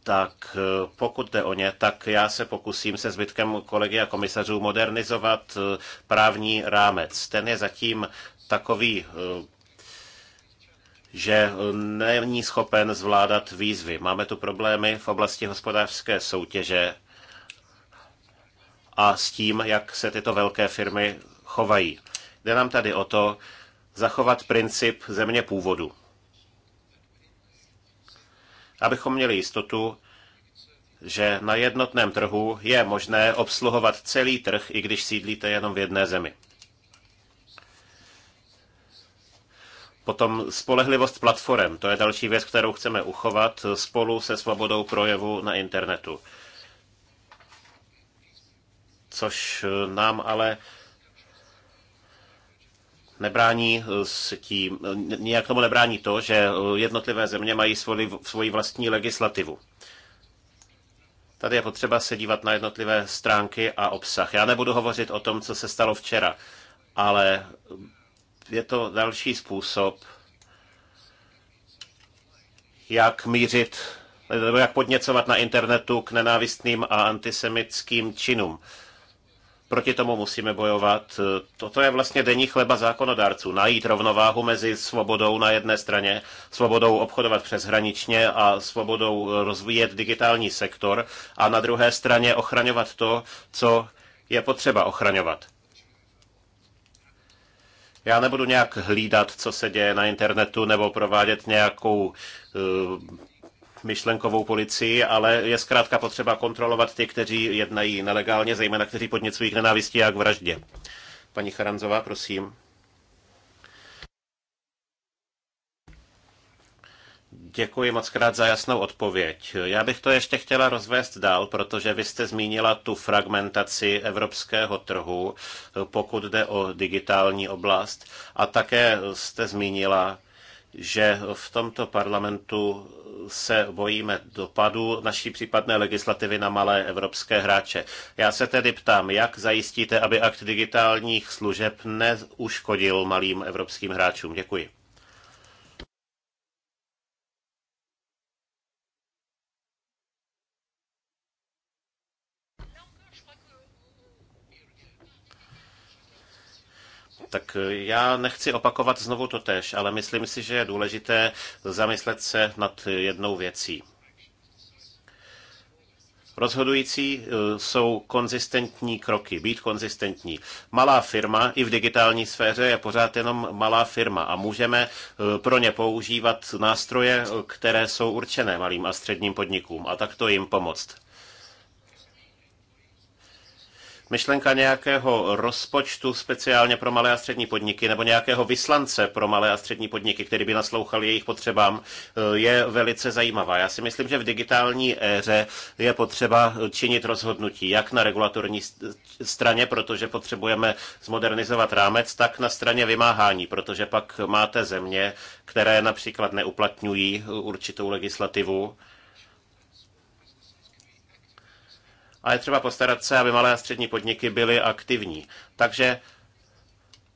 [SPEAKER 4] tak e, pokud jde o ně, tak já se pokusím se zbytkem kolegy a komisařů modernizovat e, právní rámec. Ten je zatím takový že není schopen zvládat výzvy. Máme tu problémy v oblasti hospodářské soutěže a s tím, jak se tyto velké firmy chovají. Jde nám tady o to zachovat princip země původu. Abychom měli jistotu, že na jednotném trhu je možné obsluhovat celý trh, i když sídlíte jenom v jedné zemi. Potom spolehlivost platform, to je další věc, kterou chceme uchovat spolu se svobodou projevu na internetu což eh, nám ale nebrání eh, s tím, eh, nějak tomu nebrání to, že jednotlivé země mají svoji, svoji vlastní legislativu. Tady je potřeba se dívat na jednotlivé stránky a obsah. Já nebudu hovořit o tom, co se stalo včera, ale je to další způsob, jak mířit, nebo jak podněcovat na internetu k nenávistným a antisemickým činům proti tomu musíme bojovat. Toto je vlastně denní chleba zákonodárců. Najít rovnováhu mezi svobodou na jedné straně, svobodou obchodovat přeshraničně a svobodou rozvíjet digitální sektor a na druhé straně ochraňovat to, co je potřeba ochraňovat. Já nebudu nějak hlídat, co se děje na internetu, nebo provádět nějakou eh, myšlenkovou policii, ale je zkrátka potřeba kontrolovat ty, kteří jednají nelegálně, zejména kteří podněcují k nenávisti a k vraždě. Paní Charanzová, prosím. Děkuji moc krát za jasnou odpověď. Já bych to ještě chtěla rozvést dál, protože vy jste zmínila tu fragmentaci evropského trhu, pokud jde o digitální oblast, a také jste zmínila, že v tomto parlamentu se bojíme dopadu naší případné legislativy na malé evropské hráče. Já se tedy ptám, jak zajistíte, aby akt digitálních služeb neuškodil malým evropským hráčům? Děkuji. Tak eh, já nechci opakovat znovu to tež, ale myslím si, že je důležité zamyslet se nad jednou věcí. Rozhodující eh, jsou konzistentní kroky, být konzistentní. Malá firma i v digitální sféře je pořád jenom malá firma a můžeme eh, pro ně používat nástroje, které jsou určené malým a středním podnikům a takto jim pomoct. Myšlenka nějakého rozpočtu speciálně pro malé a střední podniky nebo nějakého vyslance pro malé a střední podniky, který by naslouchal jejich potřebám, eh, je velice zajímavá. Já si myslím, že v digitální éře je potřeba činit rozhodnutí, jak na regulatorní straně, protože potřebujeme zmodernizovat rámec, tak na straně vymáhání, protože pak máte země, které například neuplatňují eh, určitou legislativu, A je třeba postarat se, aby malé a střední podniky byly aktivní. Takže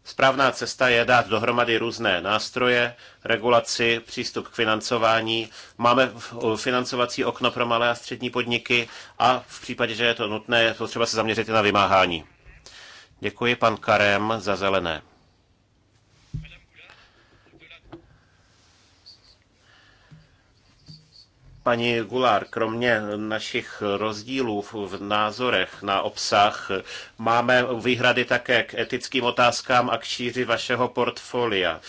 [SPEAKER 4] Správná cesta je dát dohromady různé nástroje, regulaci, přístup k financování. Máme financovací okno pro malé a střední podniky a v případě, že je to nutné, potřeba se zaměřit i na vymáhání. Děkuji pan Karem za zelené. Paní Gulár, kromě našich rozdílů v názorech na obsah, máme výhrady také k etickým otázkám a k šíři vašeho portfolia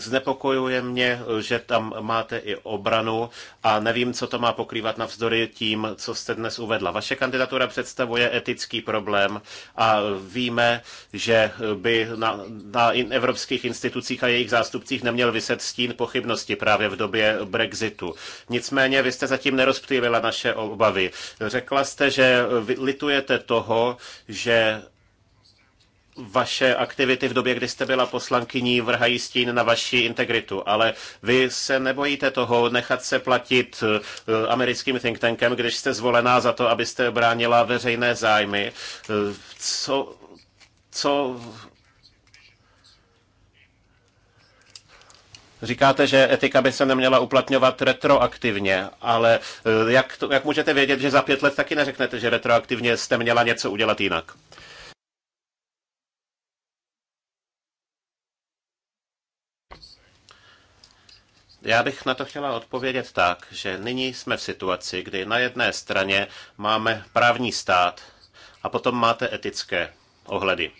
[SPEAKER 4] znepokojuje mě, že tam máte i obranu a nevím, co to má pokrývat navzdory tím, co jste dnes uvedla. Vaše kandidatura představuje etický problém a víme, že by na, na evropských institucích a jejich zástupcích neměl vyset stín pochybnosti právě v době Brexitu. Nicméně vy jste zatím nerozptýlila naše obavy. Řekla jste, že litujete toho, že vaše aktivity v době, kdy jste byla poslankyní, vrhají stín na vaši integritu, ale vy se nebojíte toho nechat se platit eh, americkým think tankem, když jste zvolená za to, abyste bránila veřejné zájmy. Eh, co, co Říkáte, že etika by se neměla uplatňovat retroaktivně, ale eh, jak, to, jak můžete vědět, že za pět let taky neřeknete, že retroaktivně jste měla něco udělat jinak? Já bych na to chtěla odpovědět tak, že nyní jsme v situaci, kdy na jedné straně máme právní stát a potom máte etické ohledy.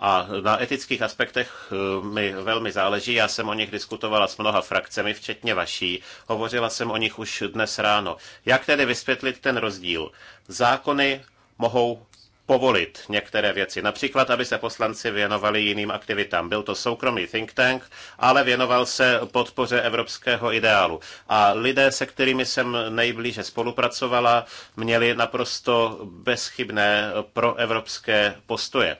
[SPEAKER 4] A na etických aspektech eh, mi velmi záleží. Já jsem o nich diskutovala s mnoha frakcemi, včetně vaší. Hovořila jsem o nich už dnes ráno. Jak tedy vysvětlit ten rozdíl? Zákony mohou povolit některé věci. Například, aby se poslanci věnovali jiným aktivitám. Byl to soukromý think tank, ale věnoval se podpoře evropského ideálu. A lidé, se kterými jsem nejblíže spolupracovala, měli naprosto bezchybné proevropské postoje.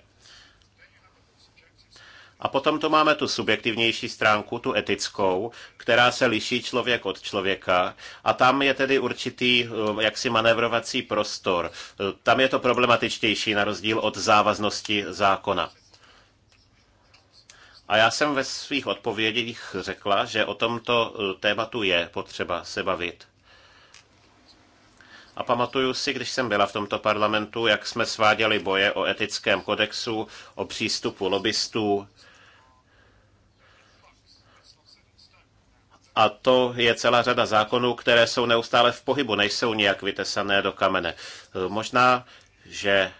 [SPEAKER 4] A potom tu máme tu subjektivnější stránku, tu etickou, která se liší člověk od člověka a tam je tedy určitý eh, jaksi manévrovací prostor. Eh, tam je to problematičtější na rozdíl od závaznosti zákona. A já jsem ve svých odpovědích řekla, že o tomto eh, tématu je potřeba se bavit. A pamatuju si, když jsem byla v tomto parlamentu, jak jsme sváděli boje o etickém kodexu, o přístupu lobbystů A to je celá řada zákonů, které jsou neustále v pohybu, nejsou nijak vytesané do kamene. Možná, že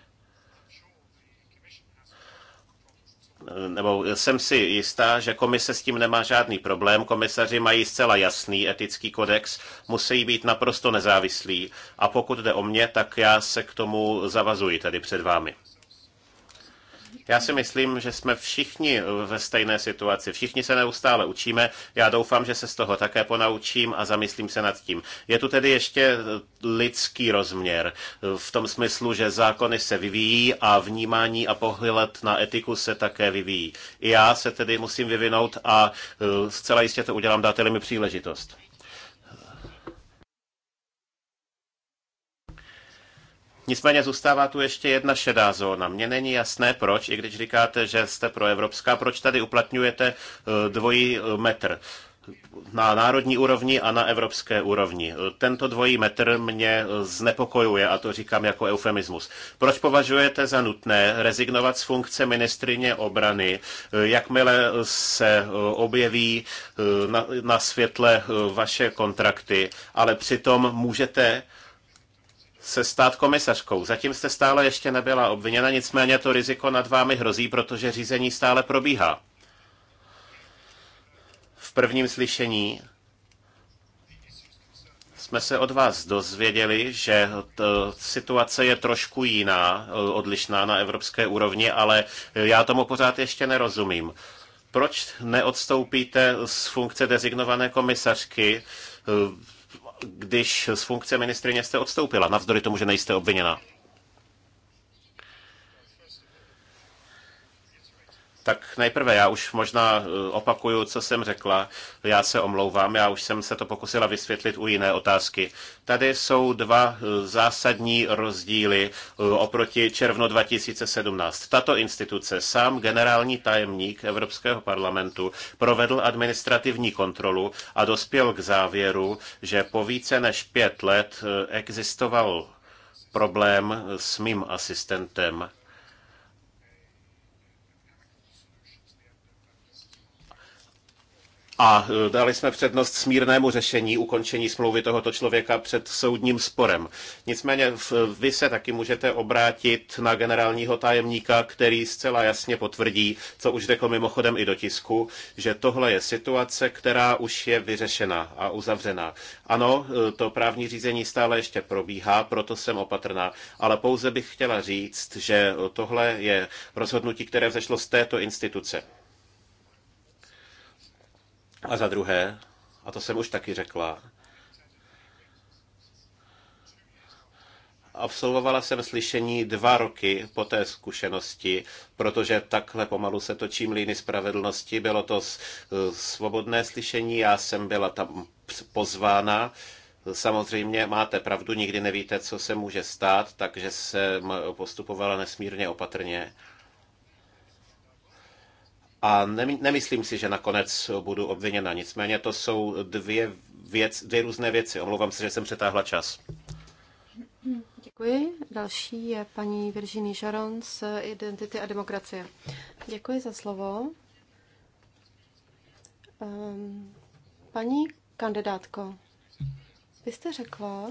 [SPEAKER 4] nebo jsem si jistá, že komise s tím nemá žádný problém. Komisaři mají zcela jasný etický kodex, musí být naprosto nezávislí. A pokud jde o mě, tak já se k tomu zavazuji tady před vámi. Já si myslím, že jsme všichni eh, ve stejné situaci. Všichni se neustále učíme. Já doufám, že se z toho také ponaučím a zamyslím se nad tím. Je tu tedy ještě eh, lidský rozměr eh, v tom smyslu, že zákony se vyvíjí a vnímání a pohled na etiku se také vyvíjí. I já se tedy musím vyvinout a zcela jistě to udělám, dáte-li mi příležitost. Nicméně zůstává tu ještě jedna šedá zóna. Mně není jasné, proč, i když říkáte, že jste proevropská, proč tady uplatňujete e, dvojí e, metr na národní úrovni a na evropské úrovni. E, tento dvojí metr mě znepokojuje a to říkám jako eufemismus. Proč považujete za nutné rezignovat z funkce ministrině obrany, jakmile se objeví na, na světle vaše kontrakty, ale přitom můžete se stát komisařkou. Zatím jste stále ještě nebyla obviněna, nicméně to riziko nad vámi hrozí, protože řízení stále probíhá. V prvním slyšení jsme se od vás dozvěděli, že situace je trošku jiná, odlišná na evropské úrovni, ale já tomu pořád ještě nerozumím. Proč neodstoupíte z funkce dezignované komisařky? když z funkce ministrině jste odstoupila, navzdory tomu, že nejste obviněna? Tak nejprve, já už možná eh, opakuju, co jsem řekla. Já se omlouvám, já už jsem se to pokusila vysvětlit u jiné otázky. Tady jsou dva eh, zásadní rozdíly eh, oproti červnu 2017. Tato instituce, sám generální tajemník Evropského parlamentu, provedl administrativní kontrolu a dospěl k závěru, že po více než pět let existoval problém s mým asistentem a e, dali jsme přednost smírnému řešení ukončení smlouvy tohoto člověka před soudním sporem. Nicméně vy se taky můžete obrátit na generálního tajemníka, který zcela jasně potvrdí, co už řekl mimochodem i do tisku, že tohle je situace, která už je vyřešena a uzavřena. Ano, e, to právní řízení stále ještě probíhá, proto jsem opatrná, ale pouze bych chtěla říct, že tohle je rozhodnutí, které vzešlo z této instituce. A za druhé, a to jsem už taky řekla, Absolvovala jsem slyšení dva roky po té zkušenosti, protože takhle pomalu se točím líny spravedlnosti. Bylo to e, svobodné slyšení, já jsem byla tam pozvána. Samozřejmě máte pravdu, nikdy nevíte, co se může stát, takže jsem postupovala nesmírně opatrně. A nemyslím si, že nakonec budu obviněna. Nicméně to jsou dvě, věc, dvě různé věci. Omlouvám se, že jsem přetáhla čas.
[SPEAKER 1] Děkuji. Další je paní Virginie Žaron z Identity a demokracie. Děkuji za slovo. Ehm, paní kandidátko, vy jste řekla,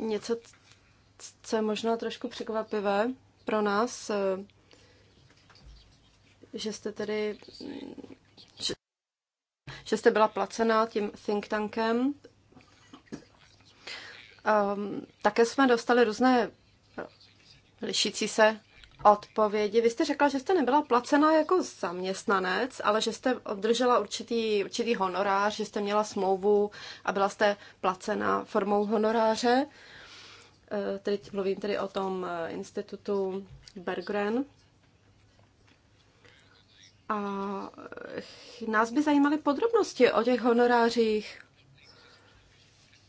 [SPEAKER 1] něco, co je možná trošku překvapivé pro nás, eh, že jste tedy mm, že jste byla placená tím think tankem. Um, také jsme dostali různé lišící se odpovědi. Vy jste řekla, že jste nebyla placená jako zaměstnanec, ale že jste obdržela určitý, určitý honorář, že jste měla smlouvu a byla jste placená formou honoráře. Eh, teď mluvím tedy o tom eh, institutu Bergren. A eh, nás by zajímaly podrobnosti o těch honorářích.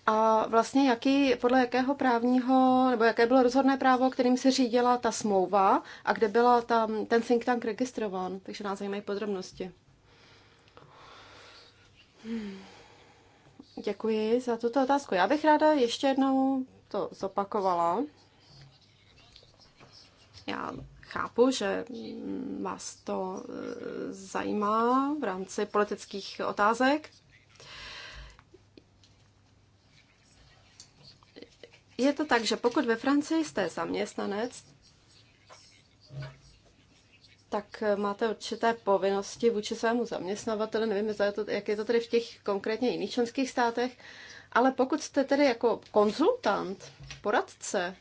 [SPEAKER 1] A vlastně jaký, podle jakého právního, nebo jaké bylo rozhodné právo, kterým se řídila ta smlouva a kde byla tam ten think tank registrován. Takže nás zajímají podrobnosti. Hmm. Děkuji za tuto otázku. Já bych ráda ještě jednou to zopakovala. Já chápu, že vás to eh, zajímá v rámci politických otázek. Je to tak, že pokud ve Francii jste zaměstnanec, tak máte určité povinnosti vůči svému zaměstnavateli. Nevím, jak je to tedy v těch konkrétně jiných členských státech, ale pokud jste tedy jako konzultant, poradce,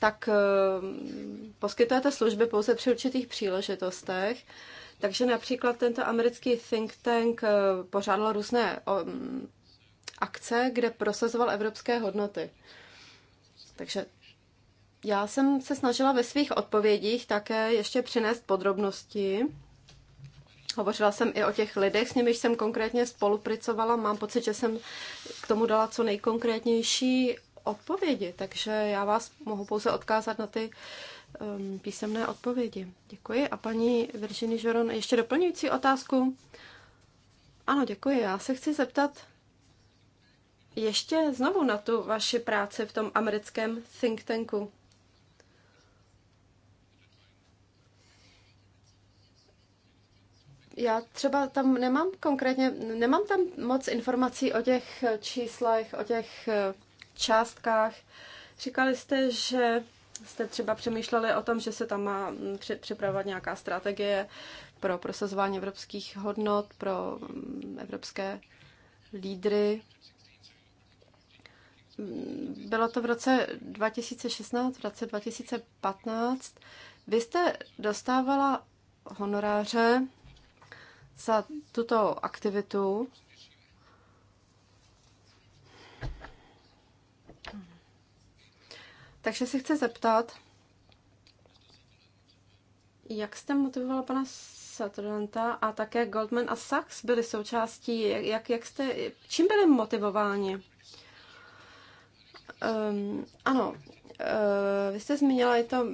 [SPEAKER 1] tak eh, poskytujete služby pouze při určitých příležitostech. Takže například tento americký think tank eh, pořádal různé mm, akce, kde prosazoval evropské hodnoty. Takže já jsem se snažila ve svých odpovědích také ještě přinést podrobnosti Hovořila jsem i o těch lidech, s nimiž jsem konkrétně spolupracovala. Mám pocit, že jsem k tomu dala co nejkonkrétnější odpovědi, takže já vás mohu pouze odkázat na ty um, písemné odpovědi. Děkuji. A paní Virginie Žoron, ještě doplňující otázku? Ano, děkuji. Já se chci zeptat ještě znovu na tu vaši práci v tom americkém think tanku. já třeba tam nemám konkrétně, nemám tam moc informací o těch číslech, o těch eh, částkách. Říkali jste, že jste třeba přemýšleli o tom, že se tam má mm, připravovat nějaká strategie pro prosazování evropských hodnot, pro mm, evropské lídry. Mm, bylo to v roce 2016, v roce 2015. Vy jste dostávala honoráře za tuto aktivitu. Takže se chci zeptat, jak jste motivovala pana Saturnanta a také Goldman a Sachs byli součástí, jak, jak jste, čím byli motivováni? Um, ano, uh, vy jste zmínila i to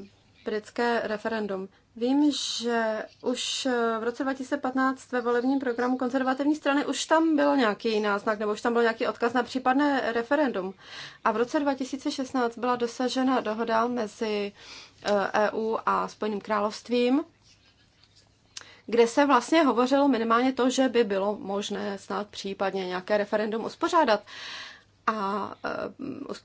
[SPEAKER 1] britské referendum. Vím, že už eh, v roce 2015 ve volebním programu konzervativní strany už tam byl nějaký náznak, nebo už tam byl nějaký odkaz na případné referendum. A v roce 2016 byla dosažena dohoda mezi EU eh, e a Spojeným královstvím, kde se vlastně hovořilo minimálně to, že by bylo možné snad případně nějaké referendum uspořádat. Uh, a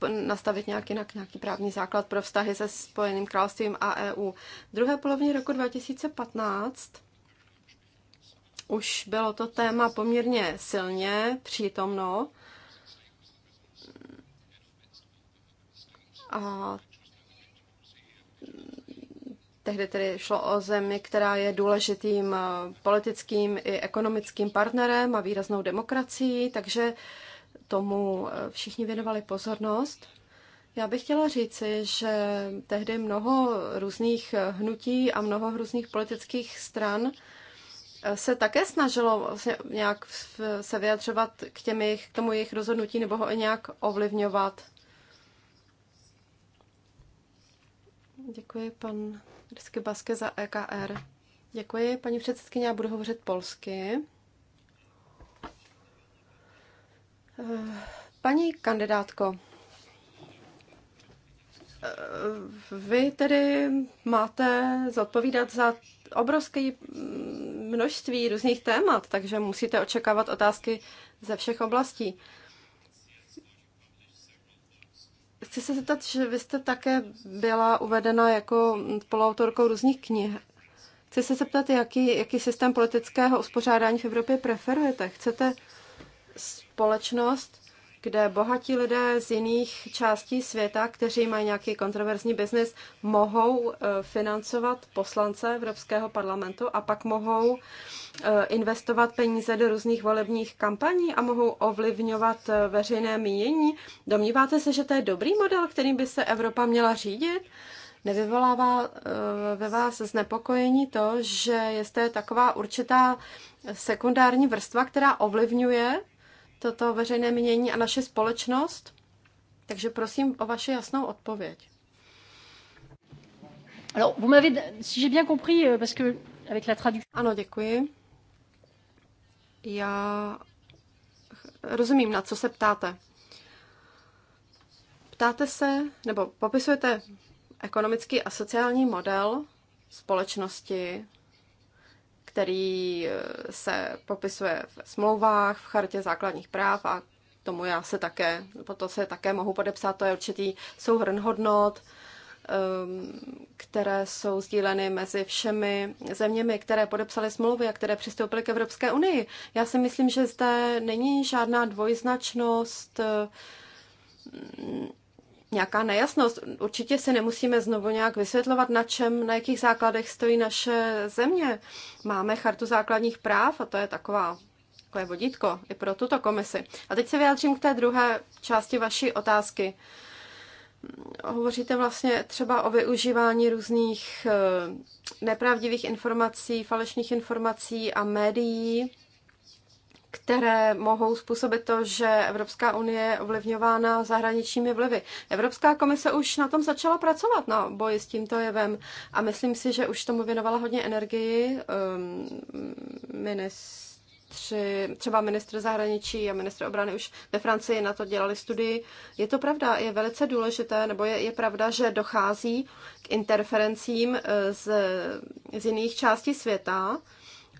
[SPEAKER 1] eh, nastavit nějak jinak nějaký právní základ pro vztahy se Spojeným královstvím a EU. V druhé polovině roku 2015 už bylo to téma poměrně silně přítomno a Tehdy tedy šlo o zemi, která je důležitým eh, politickým i ekonomickým partnerem a výraznou demokracií, takže tomu eh, všichni věnovali pozornost. Já bych chtěla říci, že tehdy mnoho různých eh, hnutí a mnoho různých politických stran eh, se také snažilo vlastně nějak se vyjadřovat k, těm jejich, k tomu jejich rozhodnutí nebo ho i nějak ovlivňovat. Děkuji pan Rysky Baske za EKR. Děkuji, paní předsedkyně, já budu hovořit polsky. Paní kandidátko, vy tedy máte zodpovídat za obrovské množství různých témat, takže musíte očekávat otázky ze všech oblastí. Chci se zeptat, že vy jste také byla uvedena jako spoluautorkou různých knih. Chci se zeptat, jaký, jaký systém politického uspořádání v Evropě preferujete. Chcete společnost, kde bohatí lidé z jiných částí světa, kteří mají nějaký kontroverzní biznis, mohou eh, financovat poslance Evropského parlamentu a pak mohou eh, investovat peníze do různých volebních kampaní a mohou ovlivňovat eh, veřejné mínění. Domníváte se, že to je dobrý model, kterým by se Evropa měla řídit? Nevyvolává ve vás znepokojení to, že jestli je taková určitá sekundární vrstva, která ovlivňuje toto veřejné mínění a naše společnost? Takže prosím o vaši jasnou odpověď. Alors, vous m'avez, si j'ai bien compris, euh, parce que avec la traduction. Ano, děkuji. Já rozumím, na co se ptáte. Ptáte se, nebo popisujete ekonomický a sociální model společnosti, který eh, se popisuje v smlouvách, v chartě základních práv a tomu já se také, proto se také mohu podepsat, to je určitý souhrn hodnot, ehm, které jsou sdíleny mezi všemi zeměmi, které podepsaly smlouvy a které přistoupily k Evropské unii. Já si myslím, že zde není žádná dvojznačnost, eh, nějaká nejasnost. Určitě se nemusíme znovu nějak vysvětlovat, na čem, na jakých základech stojí naše země. Máme chartu základních práv a to je taková takové vodítko i pro tuto komisi. A teď se vyjádřím k té druhé části vaší otázky. Hovoříte vlastně třeba o využívání různých eh, nepravdivých informací, falešných informací a médií které mohou způsobit to, že Evropská unie je ovlivňována zahraničními vlivy. Evropská komise už na tom začala pracovat na boji s tímto jevem a myslím si, že už tomu věnovala hodně energii um, ministři, třeba ministr zahraničí a ministr obrany už ve Francii na to dělali studii. Je to pravda, je velice důležité, nebo je, je pravda, že dochází k interferencím eh, z, z jiných částí světa,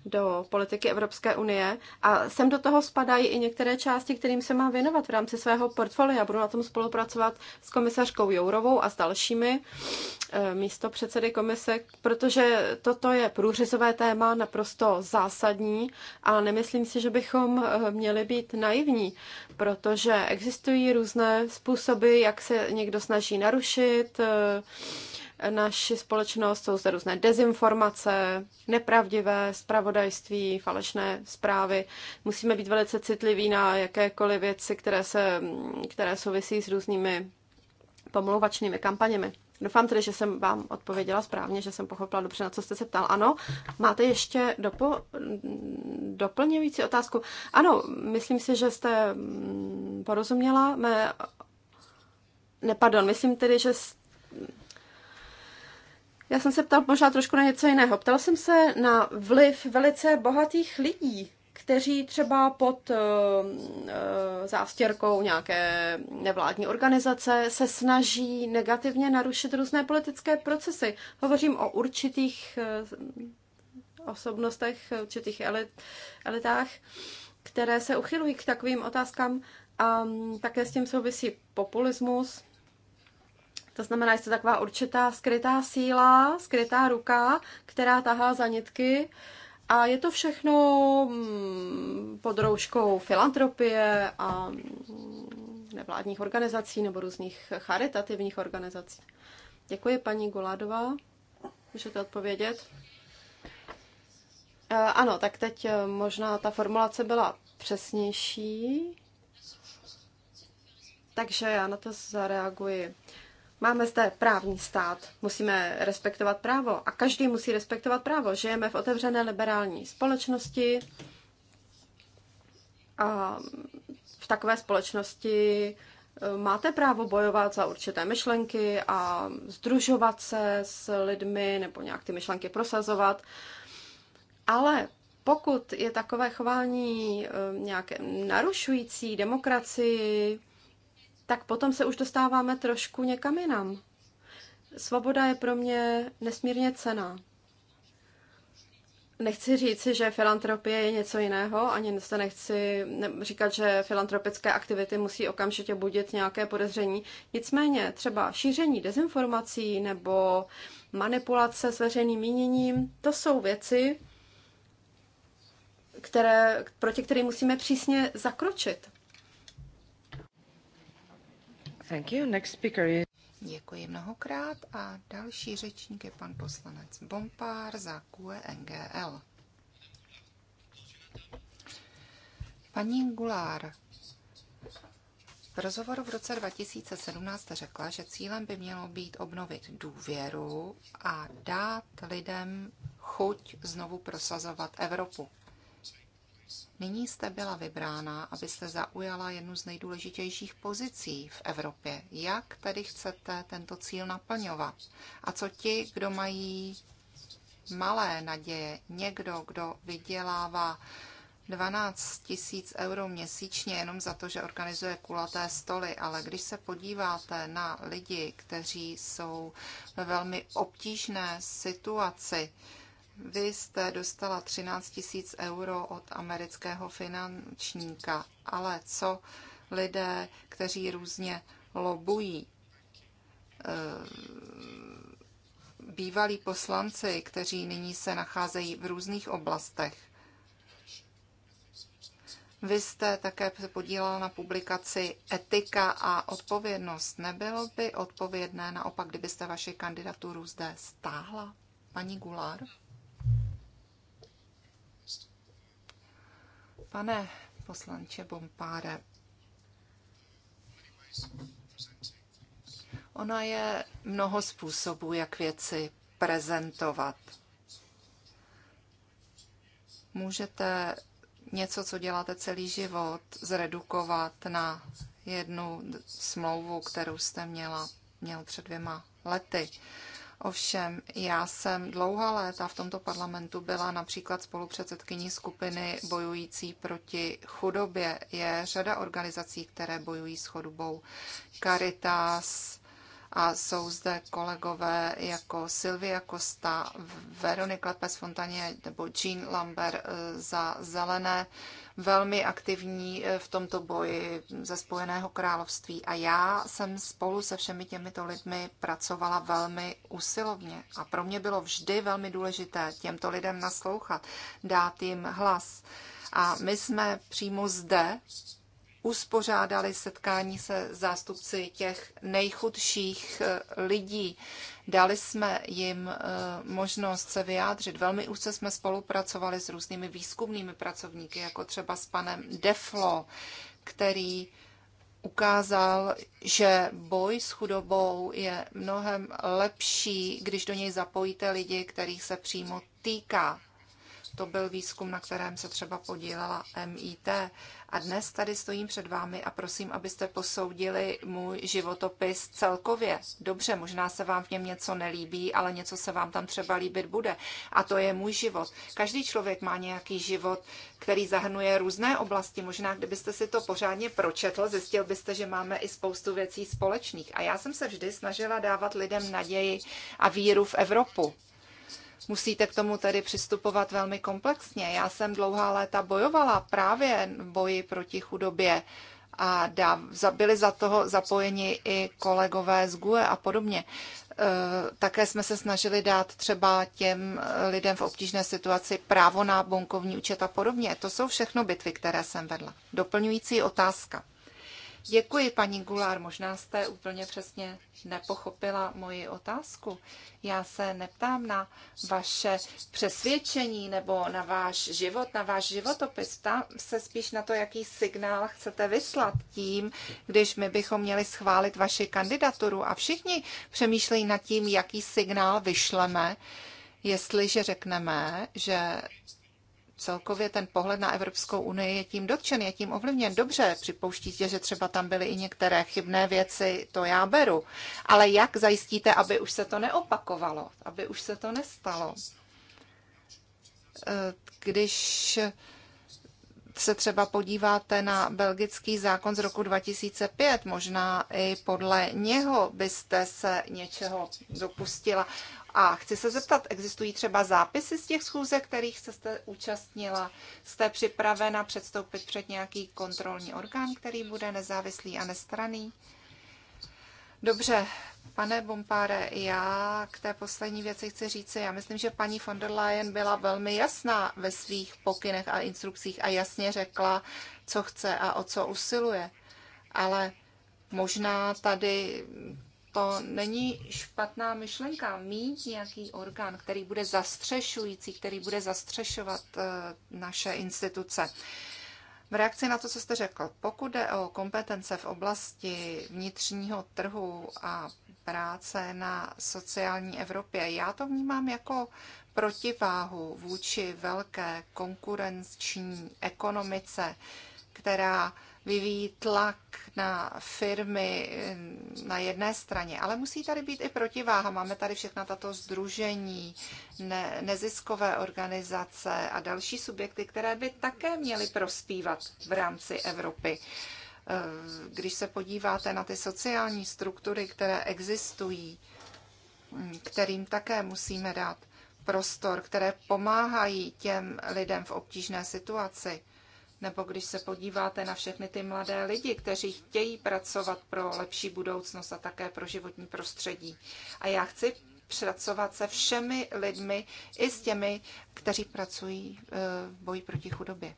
[SPEAKER 1] do politiky Evropské unie a sem do toho spadají i některé části, kterým se mám věnovat v rámci svého portfolia. Budu na tom spolupracovat s komisařkou Jourovou a s dalšími eh, místo předsedy komise, protože toto je průřezové téma, naprosto zásadní a nemyslím si, že bychom eh, měli být naivní, protože existují různé způsoby, jak se někdo snaží narušit, eh, naši společnost. Jsou zde různé dezinformace, nepravdivé zpravodajství, falešné zprávy. Musíme být velice citliví na jakékoliv věci, které, se, které souvisí s různými pomlouvačnými kampaněmi. Doufám tedy, že jsem vám odpověděla správně, že jsem pochopila dobře, na co jste se ptal. Ano, máte ještě dopo, doplňující otázku? Ano, myslím si, že jste mm, porozuměla mé... Ne, pardon, myslím tedy, že já jsem se ptal možná trošku na něco jiného. Ptal jsem se na vliv velice bohatých lidí, kteří třeba pod uh, zástěrkou nějaké nevládní organizace se snaží negativně narušit různé politické procesy. Hovořím o určitých uh, osobnostech, určitých elit, elitách, které se uchylují k takovým otázkám a také s tím souvisí populismus to znamená, je to taková určitá skrytá síla, skrytá ruka, která tahá za nitky. A je to všechno mm, pod rouškou filantropie a mm, nevládních organizací nebo různých charitativních organizací. Děkuji paní Guládová. Můžete odpovědět? Eh, ano, tak teď eh, možná ta formulace byla přesnější. Takže já na to zareaguji. Máme zde právní stát, musíme respektovat právo a každý musí respektovat právo. Žijeme v otevřené liberální společnosti a v takové společnosti eh, máte právo bojovat za určité myšlenky a združovat se s lidmi nebo nějak ty myšlenky prosazovat. Ale pokud je takové chování eh, nějaké narušující demokracii, tak potom se už dostáváme trošku někam jinam. Svoboda je pro mě nesmírně cená. Nechci říci, že filantropie je něco jiného, ani se nechci říkat, že filantropické aktivity musí okamžitě budit nějaké podezření. Nicméně třeba šíření dezinformací nebo manipulace s veřejným míněním, to jsou věci, které, proti kterým musíme přísně zakročit.
[SPEAKER 2] Thank you. Next speaker is... Děkuji mnohokrát a další řečník je pan poslanec Bompár za QNGL. E Paní Gulár, v rozhovoru v roce 2017 řekla, že cílem by mělo být obnovit důvěru a dát lidem chuť znovu prosazovat Evropu. Nyní jste byla vybrána, abyste zaujala jednu z nejdůležitějších pozicí v Evropě. Jak tedy chcete tento cíl naplňovat? A co ti, kdo mají malé naděje, někdo, kdo vydělává 12 tisíc euro měsíčně jenom za to, že organizuje kulaté stoly, ale když se podíváte na lidi, kteří jsou ve velmi obtížné situaci, vy jste dostala 13 000 euro od amerického finančníka, ale co lidé, kteří různě lobují, eh, bývalí poslanci, kteří nyní se nacházejí v různých oblastech. Vy jste také podílel na publikaci Etika a odpovědnost. Nebylo by odpovědné naopak, kdybyste vaši kandidaturu zde stáhla, paní Gulár? Pane poslanče Bompáre, ona je mnoho způsobů, jak věci prezentovat. Můžete něco, co děláte celý život, zredukovat na jednu smlouvu, kterou jste měla, měl před dvěma lety. Ovšem, já jsem dlouhá léta v tomto parlamentu byla například spolupředsedkyní skupiny bojující proti chudobě. Je řada organizací, které bojují s chudobou. Caritas, a jsou zde kolegové jako Silvia Costa, Veronika Lepes Fontaně nebo Jean Lambert eh, za Zelené, velmi aktivní eh, v tomto boji ze Spojeného království a já jsem spolu se všemi těmito lidmi pracovala velmi usilovně a pro mě bylo vždy velmi důležité těmto lidem naslouchat, dát jim hlas. A my jsme přímo zde uspořádali setkání se zástupci těch nejchudších eh, lidí. Dali jsme jim eh, možnost se vyjádřit. Velmi úzce jsme spolupracovali s různými výzkumnými pracovníky, jako třeba s panem Deflo, který ukázal, že boj s chudobou je mnohem lepší, když do něj zapojíte lidi, kterých se přímo týká. To byl výzkum, na kterém se třeba podílela MIT. A dnes tady stojím před vámi a prosím, abyste posoudili můj životopis celkově. Dobře, možná se vám v něm něco nelíbí, ale něco se vám tam třeba líbit bude. A to je můj život. Každý člověk má nějaký život, který zahrnuje různé oblasti. Možná, kdybyste si to pořádně pročetl, zjistil byste, že máme i spoustu věcí společných. A já jsem se vždy snažila dávat lidem naději a víru v Evropu. Musíte k tomu tedy přistupovat velmi komplexně. Já jsem dlouhá léta bojovala právě v boji proti chudobě a byli za toho zapojeni i kolegové z GUE a podobně. E, také jsme se snažili dát třeba těm lidem v obtížné situaci právo na bankovní účet a podobně. To jsou všechno bitvy, které jsem vedla. Doplňující otázka. Děkuji, paní Gulár. Možná jste úplně přesně nepochopila moji otázku. Já se neptám na vaše přesvědčení nebo na váš život, na váš životopis. Ptám se spíš na to, jaký signál chcete vyslat tím, když my bychom měli schválit vaši kandidaturu. A všichni přemýšlejí nad tím, jaký signál vyšleme, jestliže řekneme, že celkově ten pohled na Evropskou unii je tím dotčen, je tím ovlivněn. Dobře, připouštíte, že třeba tam byly i některé chybné věci, to já beru. Ale jak zajistíte, aby už se to neopakovalo, aby už se to nestalo? Eh, když se třeba podíváte na belgický zákon z roku 2005, možná i podle něho byste se něčeho dopustila. A chci se zeptat, existují třeba zápisy z těch schůzek, kterých se jste účastnila? Jste připravena předstoupit před nějaký kontrolní orgán, který bude nezávislý a nestraný? Dobře, pane Bompáre, já k té poslední věci chci říct, já myslím, že paní von der Leyen byla velmi jasná ve svých pokynech a instrukcích a jasně řekla, co chce a o co usiluje. Ale možná tady to není špatná myšlenka mít nějaký orgán, který bude zastřešující, který bude zastřešovat eh, naše instituce. V reakci na to, co jste řekl, pokud jde o kompetence v oblasti vnitřního trhu a práce na sociální Evropě, já to vnímám jako protiváhu vůči velké konkurenční ekonomice, která vyvíjí tlak na firmy eh, na jedné straně, ale musí tady být i protiváha. Máme tady všechna tato združení, ne, neziskové organizace a další subjekty, které by také měly prospívat v rámci Evropy. Eh, když se podíváte na ty sociální struktury, které existují, hm, kterým také musíme dát prostor, které pomáhají těm lidem v obtížné situaci, nebo když se podíváte na všechny ty mladé lidi, kteří chtějí pracovat pro lepší budoucnost a také pro životní prostředí. A já chci pracovat se všemi lidmi, i s těmi, kteří pracují eh, v boji proti chudobě.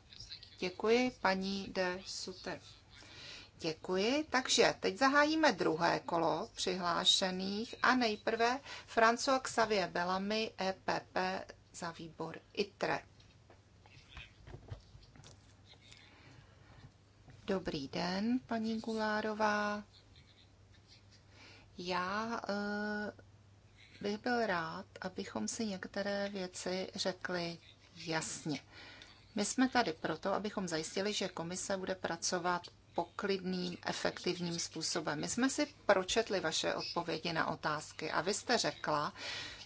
[SPEAKER 2] Děkuji, paní de Suter. Děkuji. Takže teď zahájíme druhé kolo přihlášených a nejprve François Xavier Bellamy, EPP za výbor ITRE. Dobrý den, paní Gulárová. Já e, bych byl rád, abychom si některé věci řekli jasně. My jsme tady proto, abychom zajistili, že komise bude pracovat poklidným, efektivním způsobem. My jsme si pročetli vaše odpovědi na otázky a vy jste řekla,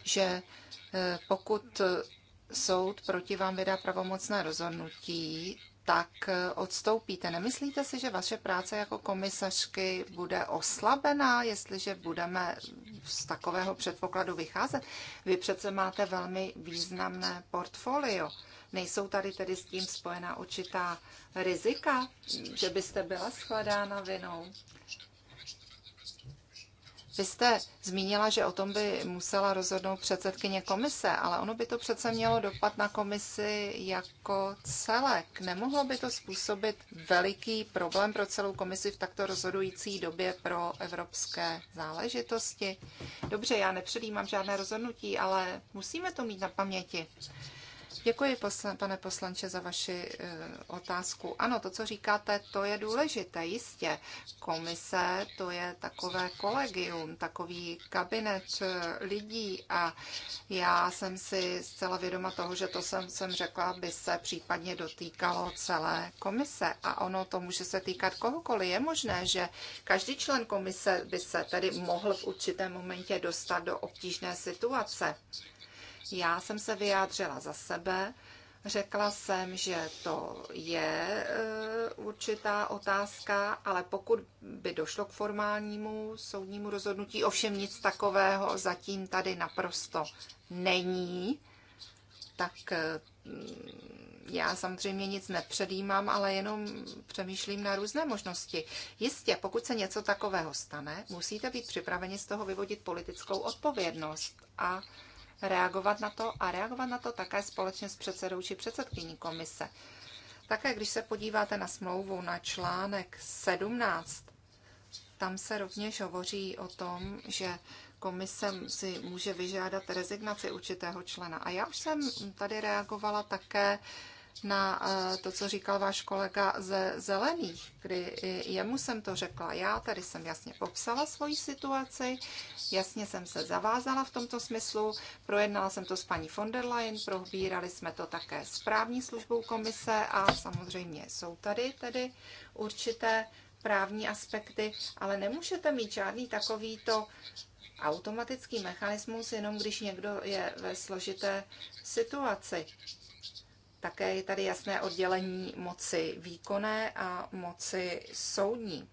[SPEAKER 2] že eh, pokud soud proti vám vydá pravomocné rozhodnutí, tak eh, odstoupíte. Nemyslíte si, že vaše práce jako komisařky bude oslabená, jestliže budeme z takového předpokladu vycházet? Vy přece máte velmi významné portfolio. Nejsou tady tedy s tím spojená určitá rizika, že byste byla shledána vinou? Vy jste zmínila, že o tom by musela rozhodnout předsedkyně komise, ale ono by to přece mělo dopad na komisi jako celek. Nemohlo by to způsobit veliký problém pro celou komisi v takto rozhodující době pro evropské záležitosti? Dobře, já nepředjímám žádné rozhodnutí, ale musíme to mít na paměti. Děkuji, pane poslanče, za vaši eh, otázku. Ano, to, co říkáte, to je důležité, jistě. Komise, to je takové kolegium, takový kabinet eh, lidí a já jsem si zcela vědoma toho, že to jsem, jsem řekla, by se případně dotýkalo celé komise a ono to může se týkat kohokoliv. Je možné, že každý člen komise by se tedy mohl v určitém momentě dostat do obtížné situace. Já jsem se vyjádřila za sebe. Řekla jsem, že to je eh, určitá otázka, ale pokud by došlo k formálnímu soudnímu rozhodnutí, ovšem nic takového zatím tady naprosto není, tak eh, já samozřejmě nic nepředjímám, ale jenom přemýšlím na různé možnosti. Jistě, pokud se něco takového stane, musíte být připraveni z toho vyvodit politickou odpovědnost a reagovat na to a reagovat na to také společně s předsedou či předsedkyní komise. Také když se podíváte na smlouvu na článek 17, tam se rovněž hovoří o tom, že komise si může vyžádat rezignaci určitého člena. A já už jsem tady reagovala také na eh, to, co říkal váš kolega ze Zelených, kdy jemu jsem to řekla. Já tady jsem jasně popsala svoji situaci, jasně jsem se zavázala v tomto smyslu, projednala jsem to s paní von der Leyen, probírali jsme to také s právní službou komise a samozřejmě jsou tady tedy určité právní aspekty, ale nemůžete mít žádný takovýto automatický mechanismus, jenom když někdo je ve složité situaci. Také je tady jasné oddělení moci výkonné a moci soudní.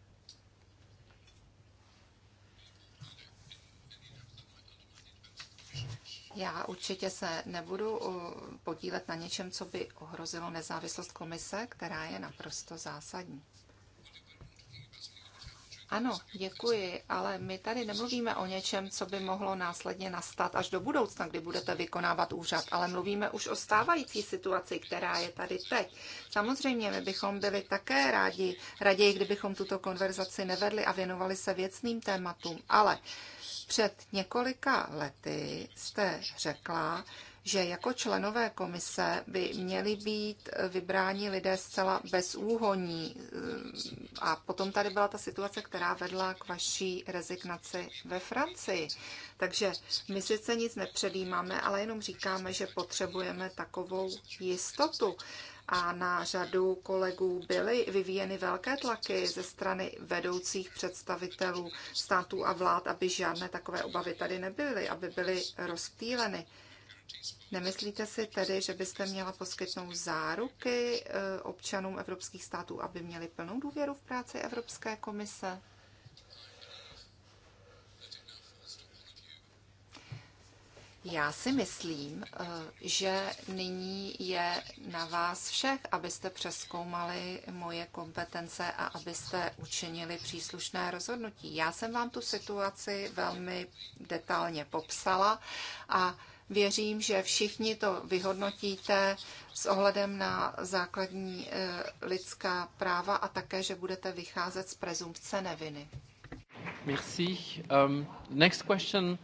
[SPEAKER 2] Já určitě se nebudu uh, podílet na něčem, co by ohrozilo nezávislost komise, která je naprosto zásadní. Ano, děkuji, ale my tady nemluvíme o něčem, co by mohlo následně nastat až do budoucna, kdy budete vykonávat úřad, ale mluvíme už o stávající situaci, která je tady teď. Samozřejmě, my bychom byli také rádi, raději, kdybychom tuto konverzaci nevedli a věnovali se věcným tématům, ale před několika lety jste řekla, že jako členové komise by měli být vybráni lidé zcela úhoní. A potom tady byla ta situace, která vedla k vaší rezignaci ve Francii. Takže my sice nic nepředjímáme, ale jenom říkáme, že potřebujeme takovou jistotu a na řadu kolegů byly vyvíjeny velké tlaky ze strany vedoucích představitelů států a vlád, aby žádné takové obavy tady nebyly, aby byly rozptýleny. Nemyslíte si tedy, že byste měla poskytnout záruky eh, občanům evropských států, aby měli plnou důvěru v práci Evropské komise? Já si myslím, eh, že nyní je na vás všech, abyste přeskoumali moje kompetence a abyste učinili příslušné rozhodnutí. Já jsem vám tu situaci velmi detailně popsala a Věřím, že všichni to vyhodnotíte s ohledem na základní eh, lidská práva a také, že budete vycházet z prezumpce neviny.
[SPEAKER 4] Merci. Um, next question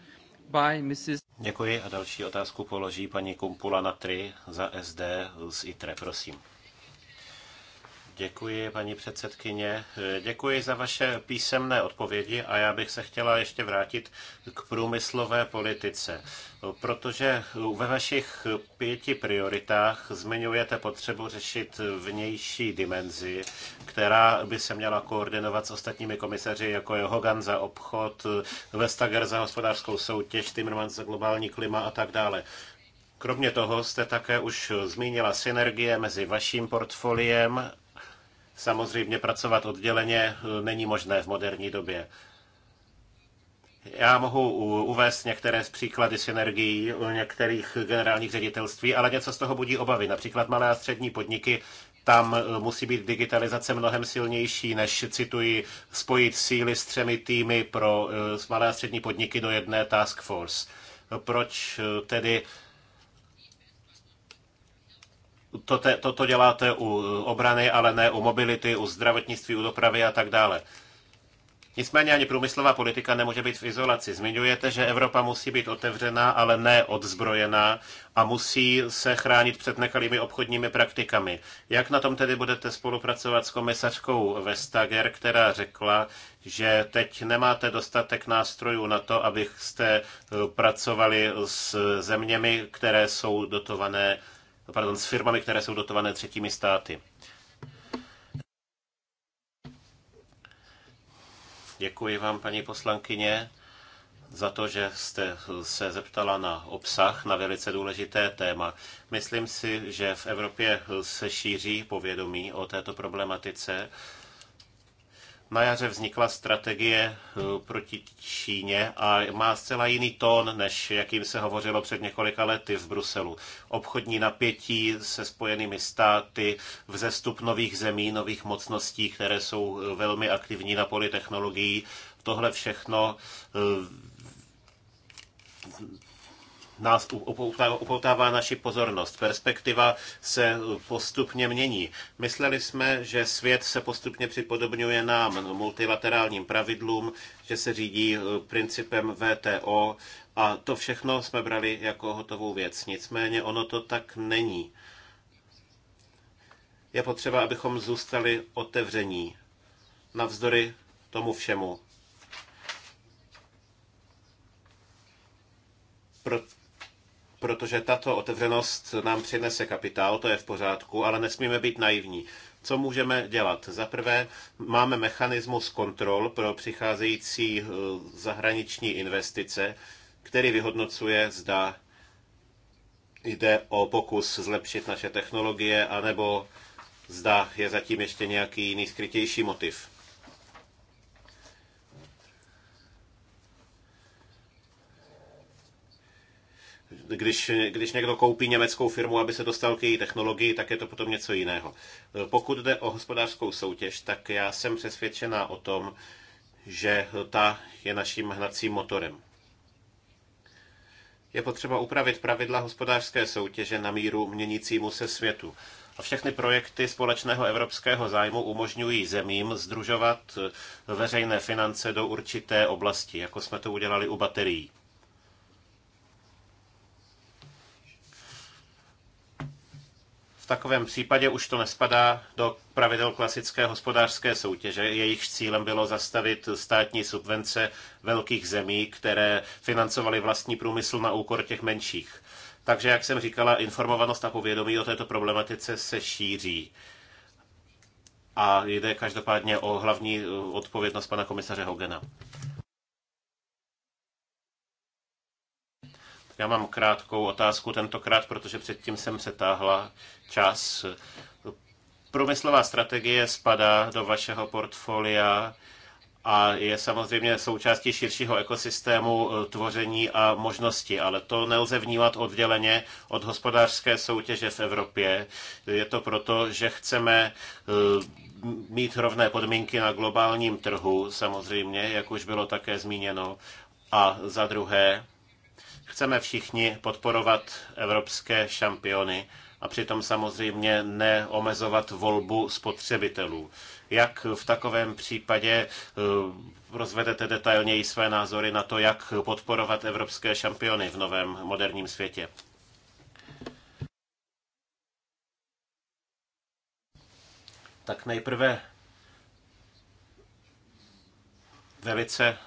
[SPEAKER 4] by Mrs. Děkuji a další otázku položí paní Kumpula Natry za SD z ITRE, prosím. Děkuji, paní předsedkyně. Děkuji za vaše písemné odpovědi a já bych se chtěla ještě vrátit k průmyslové politice, protože ve vašich pěti prioritách zmiňujete potřebu řešit vnější dimenzi, která by se měla koordinovat s ostatními komisaři, jako je Hogan za obchod, Vestager za hospodářskou soutěž, Timmermans za globální klima a tak dále. Kromě toho jste také už zmínila synergie mezi vaším portfoliem Samozřejmě pracovat odděleně eh, není možné v moderní době. Já mohu uvést některé z příklady synergií některých generálních ředitelství, ale něco z toho budí obavy. Například malé a střední podniky, tam eh, musí být digitalizace mnohem silnější, než, cituji, spojit síly s třemi týmy pro eh, malé a střední podniky do jedné task force. Proč tedy to, te, to, to děláte u obrany, ale ne u mobility, u zdravotnictví, u dopravy a tak dále. Nicméně ani průmyslová politika nemůže být v izolaci. Zmiňujete, že Evropa musí být otevřená, ale ne odzbrojená a musí se chránit před nekalými obchodními praktikami. Jak na tom tedy budete spolupracovat s komisařkou Vestager, která řekla, že teď nemáte dostatek nástrojů na to, abyste eh, pracovali s zeměmi, které jsou dotované No, pardon, s firmami, které jsou dotované třetími státy. Děkuji vám, paní poslankyně, za to, že jste se zeptala na obsah, na velice důležité téma. Myslím si, že v Evropě se šíří povědomí o této problematice na jaře vznikla strategie eh, proti Číně a má zcela jiný tón, než jakým se hovořilo před několika lety v Bruselu. Obchodní napětí se spojenými státy, vzestup nových zemí, nových mocností, které jsou eh, velmi aktivní na poli technologií, tohle všechno eh, nás upoutává naši pozornost. Perspektiva se postupně mění. Mysleli jsme, že svět se postupně připodobňuje nám multilaterálním pravidlům, že se řídí eh, principem VTO a to všechno jsme brali jako hotovou věc. Nicméně ono to tak není. Je potřeba, abychom zůstali otevření navzdory tomu všemu. Proto protože tato otevřenost nám přinese kapitál, to je v pořádku, ale nesmíme být naivní. Co můžeme dělat? Za prvé, máme mechanismus kontrol pro přicházející eh, zahraniční investice, který vyhodnocuje, zda jde o pokus zlepšit naše technologie, anebo zda je zatím ještě nějaký jiný skrytější motiv. když, když někdo koupí německou firmu, aby se dostal k její technologii, tak je to potom něco jiného. Pokud jde o hospodářskou soutěž, tak já jsem přesvědčená o tom, že ta je naším hnacím motorem. Je potřeba upravit pravidla hospodářské soutěže na míru měnícímu se světu. A všechny projekty společného evropského zájmu umožňují zemím združovat veřejné finance do určité oblasti, jako jsme to udělali u baterií. V takovém případě už to nespadá do pravidel klasické hospodářské soutěže. Jejich cílem bylo zastavit státní subvence velkých zemí, které financovaly vlastní průmysl na úkor těch menších. Takže, jak jsem říkala, informovanost a povědomí o této problematice se šíří. A jde každopádně o hlavní eh, odpovědnost pana komisaře Hogena. Já mám krátkou otázku tentokrát, protože předtím jsem přetáhla čas. Průmyslová strategie spadá do vašeho portfolia a je samozřejmě součástí širšího ekosystému eh, tvoření a možnosti, ale to nelze vnímat odděleně od hospodářské soutěže v Evropě. Je to proto, že chceme eh, mít rovné podmínky na globálním trhu, samozřejmě, jak už bylo také zmíněno. A za druhé, Chceme všichni podporovat evropské šampiony a přitom samozřejmě neomezovat volbu spotřebitelů. Jak v takovém případě eh, rozvedete detailněji své názory na to, jak podporovat evropské šampiony v novém moderním světě? Tak nejprve velice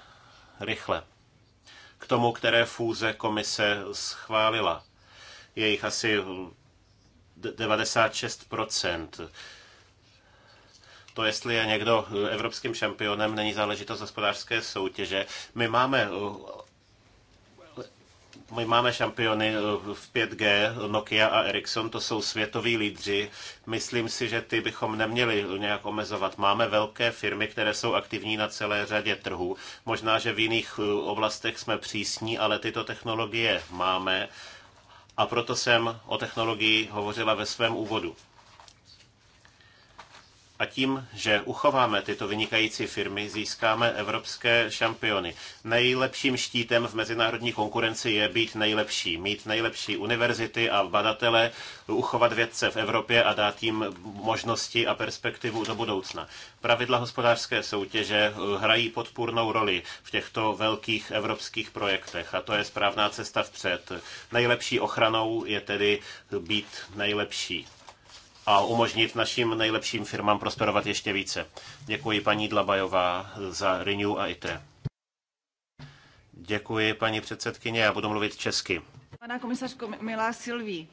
[SPEAKER 4] rychle k tomu, které fůze komise schválila. Je jich asi 96 to, jestli je někdo evropským šampionem, není záležitost hospodářské soutěže. My máme my máme šampiony eh, v 5G, Nokia a Ericsson, to jsou světoví lídři. Myslím si, že ty bychom neměli nějak omezovat. Máme velké firmy, které jsou aktivní na celé řadě trhů. Možná, že v jiných eh, oblastech jsme přísní, ale tyto technologie máme. A proto jsem o technologii hovořila ve svém úvodu. A tím, že uchováme tyto vynikající firmy, získáme evropské šampiony. Nejlepším štítem v mezinárodní konkurenci je být nejlepší, mít nejlepší univerzity a badatele, uchovat vědce v Evropě a dát jim možnosti a perspektivu do budoucna. Pravidla hospodářské soutěže eh, hrají podpůrnou roli v těchto velkých evropských projektech a to je správná cesta vpřed. Nejlepší ochranou je tedy být nejlepší a umožnit našim nejlepším firmám prosperovat ještě více. Děkuji paní Dlabajová za Renew a ITRE. Děkuji paní předsedkyně, já budu mluvit česky.
[SPEAKER 3] Pana komisařko, milá Silví,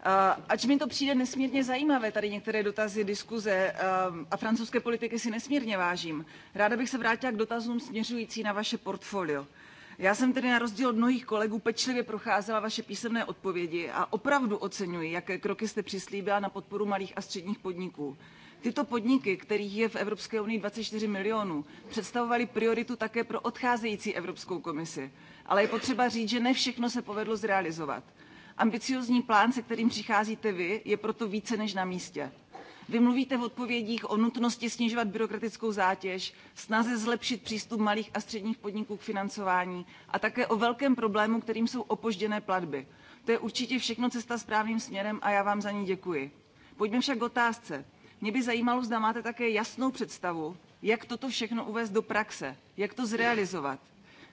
[SPEAKER 3] eh, Ač mi to přijde nesmírně zajímavé, tady některé dotazy, diskuze eh, a francouzské politiky si nesmírně vážím. Ráda bych se vrátila k dotazům směřující na vaše portfolio. Já jsem tedy na rozdíl od mnohých kolegů pečlivě procházela vaše písemné odpovědi a opravdu oceňuji, jaké kroky jste přislíbila na podporu malých a středních podniků. Tyto podniky, kterých je v Evropské unii 24 milionů, představovaly prioritu také pro odcházející Evropskou komisi. Ale je potřeba říct, že ne všechno se povedlo zrealizovat. Ambiciózní plán, se kterým přicházíte vy, je proto více než na místě. Vy mluvíte v odpovědích o nutnosti snižovat byrokratickou zátěž, snaze zlepšit přístup malých a středních podniků k financování a také o velkém problému, kterým jsou opožděné platby. To je určitě všechno cesta správným směrem a já vám za ní děkuji. Pojďme však k otázce. Mě by zajímalo, zda máte také jasnou představu, jak toto všechno uvést do praxe, jak to zrealizovat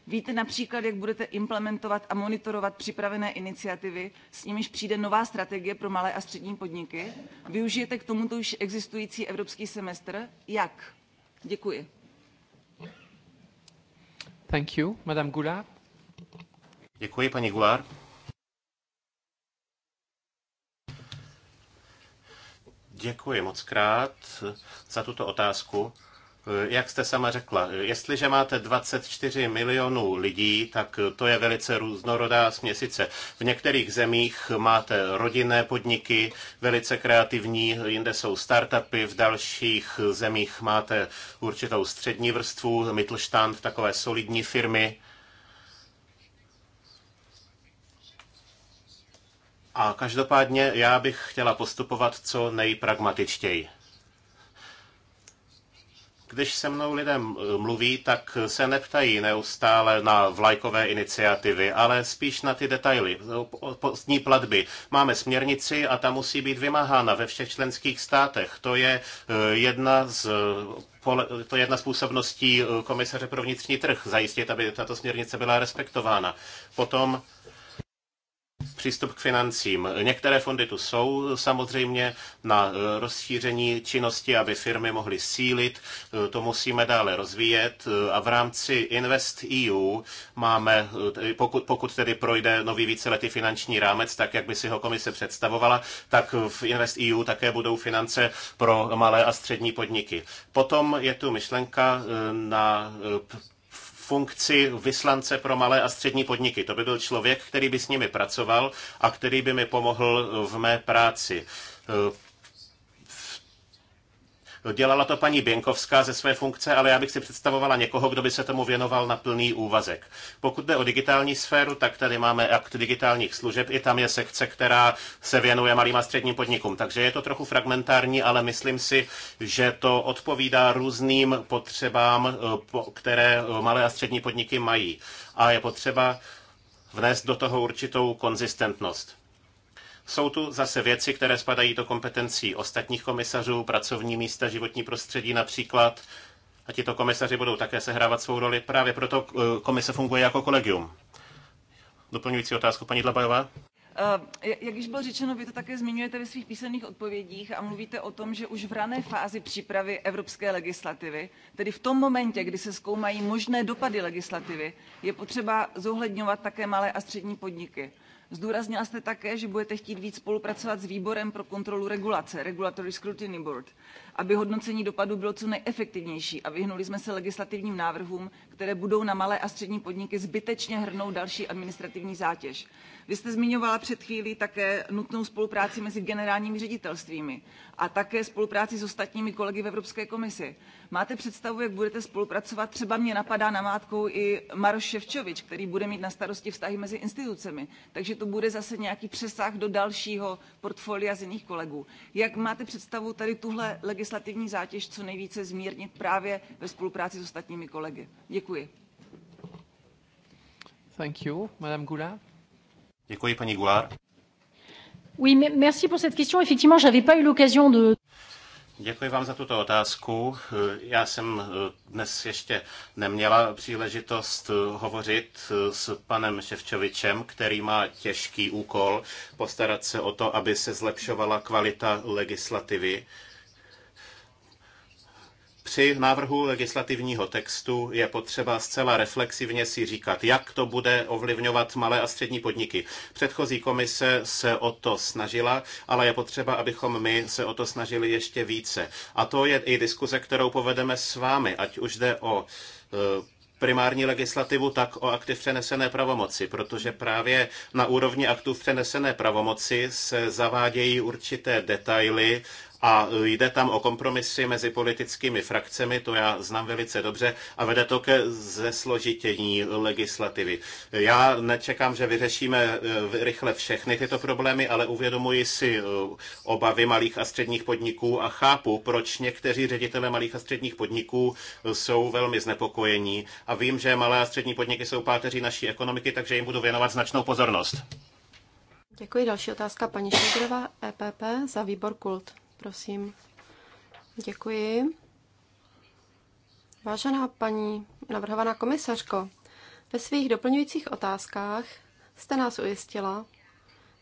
[SPEAKER 3] Víte například, jak budete implementovat a monitorovat připravené iniciativy, s nimiž přijde nová strategie pro malé a střední podniky? Využijete k tomuto už existující evropský semestr? Jak? Děkuji. Thank you. Madame Goulard.
[SPEAKER 4] Děkuji, paní Goulart. Děkuji moc krát za tuto otázku. Eh, jak jste sama řekla, eh, jestliže máte 24 milionů lidí, tak eh, to je velice různorodá směsice. V některých zemích máte rodinné podniky, velice kreativní, jinde jsou startupy, v dalších zemích máte určitou střední vrstvu, Mittelstand, takové solidní firmy. A každopádně já bych chtěla postupovat co nejpragmatičtěji. Když se mnou lidé mluví, tak se neptají neustále na vlajkové iniciativy, ale spíš na ty detaily, postní platby. Máme směrnici a ta musí být vymáhána ve všech členských státech. To je e, jedna z e, to je jedna z působností e, komisaře pro vnitřní trh, zajistit, aby tato směrnice byla respektována. Potom přístup k financím. Některé fondy tu jsou samozřejmě na eh, rozšíření činnosti, aby firmy mohly sílit. Eh, to musíme dále rozvíjet eh, a v rámci Invest EU máme, pokud, pokud tedy projde nový víceletý finanční rámec, tak jak by si ho komise představovala, tak v Invest EU také budou finance pro malé a střední podniky. Potom je tu myšlenka na funkci vyslance pro malé a střední podniky. To by byl člověk, který by s nimi pracoval a který by mi pomohl v mé práci. Dělala to paní Běnkovská ze své funkce, ale já bych si představovala někoho, kdo by se tomu věnoval na plný úvazek. Pokud jde o digitální sféru, tak tady máme akt digitálních služeb, i tam je sekce, která se věnuje malým a středním podnikům. Takže je to trochu fragmentární, ale myslím si, že to odpovídá různým potřebám, eh, které eh, malé a střední podniky mají. A je potřeba vnést do toho určitou konzistentnost. Jsou tu zase věci, které spadají do kompetencí ostatních komisařů, pracovní místa, životní prostředí například. A tito komisaři budou také sehrávat svou roli. Právě proto eh, komise funguje jako kolegium. Doplňující otázku, paní Dlabajová.
[SPEAKER 3] Eh, jak již bylo řečeno, vy to také zmiňujete ve svých písemných odpovědích a mluvíte o tom, že už v rané fázi přípravy evropské legislativy, tedy v tom momentě, kdy se zkoumají možné dopady legislativy, je potřeba zohledňovat také malé a střední podniky. Zdůraznila jste také, že budete chtít víc spolupracovat s výborem pro kontrolu regulace, Regulatory Scrutiny Board aby hodnocení dopadu bylo co nejefektivnější a vyhnuli jsme se legislativním návrhům, které budou na malé a střední podniky zbytečně hrnout další administrativní zátěž. Vy jste zmiňovala před chvílí také nutnou spolupráci mezi generálními ředitelstvími a také spolupráci s ostatními kolegy v Evropské komisi. Máte představu, jak budete spolupracovat? Třeba mě napadá namátkou i Maroš Ševčovič, který bude mít na starosti vztahy mezi institucemi. Takže to bude zase nějaký přesah do dalšího portfolia z jiných kolegů. Jak máte představu tady tuhle legislativní legislativní zátěž co nejvíce zmírnit právě ve spolupráci s ostatními kolegy. Děkuji. Thank you. Madame Goulard.
[SPEAKER 4] Děkuji, paní Goulard.
[SPEAKER 3] Oui, merci pour cette question. Effectivement, j'avais pas eu l'occasion de
[SPEAKER 4] Děkuji vám za tuto otázku. Já jsem eh, dnes ještě neměla příležitost eh, hovořit eh, s panem Ševčovičem, který má těžký úkol postarat se o to, aby se zlepšovala kvalita legislativy při návrhu legislativního textu je potřeba zcela reflexivně si říkat, jak to bude ovlivňovat malé a střední podniky. Předchozí komise se o to snažila, ale je potřeba, abychom my se o to snažili ještě více. A to je i diskuze, kterou povedeme s vámi, ať už jde o e, primární legislativu, tak o akty v přenesené pravomoci, protože právě na úrovni aktů v přenesené pravomoci se zavádějí určité detaily, a e, jde tam o kompromisy mezi politickými frakcemi, to já znám velice dobře, a vede to ke zesložitění legislativy. Já nečekám, že vyřešíme e, rychle všechny tyto problémy, ale uvědomuji si e, obavy malých a středních podniků a chápu, proč někteří ředitele malých a středních podniků jsou velmi znepokojení a vím, že malé a střední podniky jsou páteří naší ekonomiky, takže jim budu věnovat značnou pozornost.
[SPEAKER 1] Děkuji. Další otázka paní Šegrová, EPP za výbor Kult. Prosím. Děkuji. Vážená paní navrhovaná komisařko, ve svých doplňujících otázkách jste nás ujistila,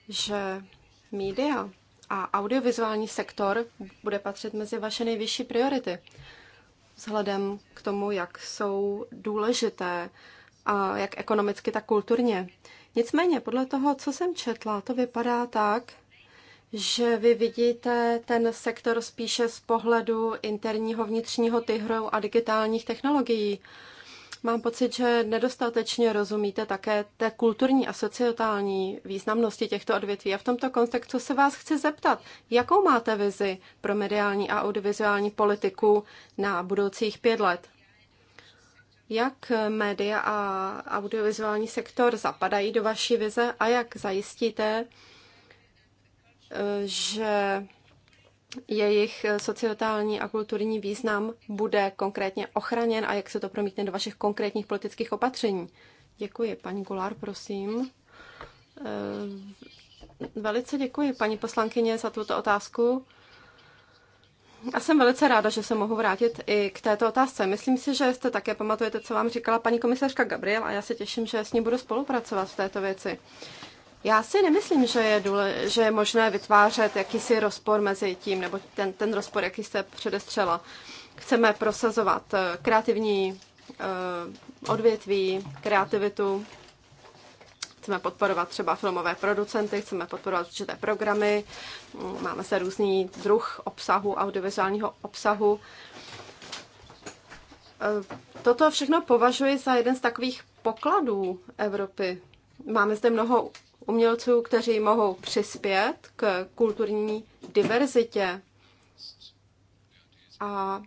[SPEAKER 1] že média a audiovizuální sektor bude patřit mezi vaše nejvyšší priority. Vzhledem k tomu, jak jsou důležité, a jak ekonomicky, tak kulturně. Nicméně, podle toho, co jsem četla, to vypadá tak, že vy vidíte ten sektor spíše z pohledu interního vnitřního tyhru a digitálních technologií. Mám pocit, že nedostatečně rozumíte také té kulturní a sociotální významnosti těchto odvětví. A v tomto kontextu se vás chci zeptat, jakou máte vizi pro mediální a audiovizuální politiku na budoucích pět let? Jak média a audiovizuální sektor zapadají do vaší vize a jak zajistíte, že jejich sociotální a kulturní význam bude konkrétně ochraněn a jak se to promítne do vašich konkrétních politických opatření. Děkuji. Paní Gulár, prosím. Eh, velice děkuji, paní poslankyně, za tuto otázku. A jsem velice ráda, že se mohu vrátit i k této otázce. Myslím si, že jste také pamatujete, co vám říkala paní komisařka Gabriel a já se těším, že s ní budu spolupracovat v této věci. Já si nemyslím, že je, důle, že je možné vytvářet jakýsi rozpor mezi tím, nebo ten, ten rozpor, jaký jste předestřela. Chceme prosazovat eh, kreativní eh, odvětví, kreativitu, chceme podporovat třeba filmové producenty, chceme podporovat určité programy, mm, máme se různý druh obsahu, audiovizuálního obsahu. Eh, toto všechno považuji za jeden z takových pokladů Evropy. Máme zde mnoho umělců, kteří mohou přispět k kulturní diverzitě. A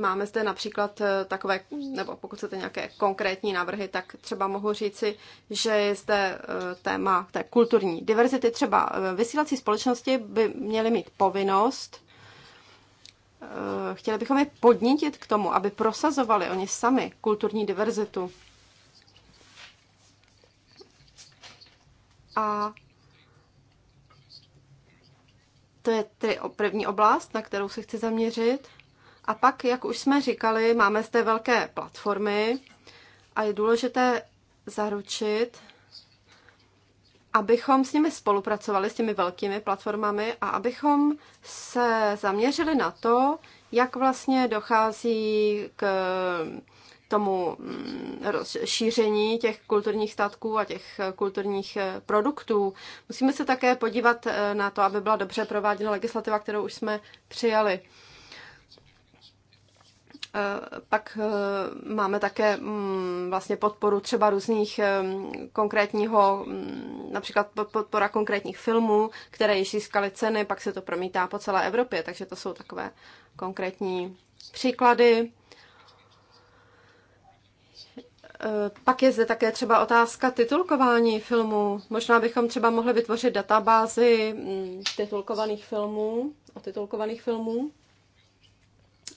[SPEAKER 1] máme zde například eh, takové, nebo pokud chcete nějaké konkrétní návrhy, tak třeba mohu říci, že je zde eh, téma té kulturní diverzity. Třeba eh, vysílací společnosti by měly mít povinnost, chtěli bychom je podnítit k tomu, aby prosazovali oni sami kulturní diverzitu. A to je tedy první oblast, na kterou se chci zaměřit. A pak, jak už jsme říkali, máme zde velké platformy a je důležité zaručit, abychom s nimi spolupracovali, s těmi velkými platformami a abychom se zaměřili na to, jak vlastně dochází k tomu mm, rozšíření těch kulturních statků a těch eh, kulturních eh, produktů. Musíme se také podívat eh, na to, aby byla dobře prováděna legislativa, kterou už jsme přijali. Pak máme také mm, vlastně podporu třeba různých konkrétního, mm, například podpora konkrétních filmů, které již získaly ceny, pak se to promítá po celé Evropě, takže to jsou takové konkrétní příklady. Eh, pak je zde také třeba otázka titulkování filmů. Možná bychom třeba mohli vytvořit databázy mm, titulkovaných filmů, o titulkovaných filmů,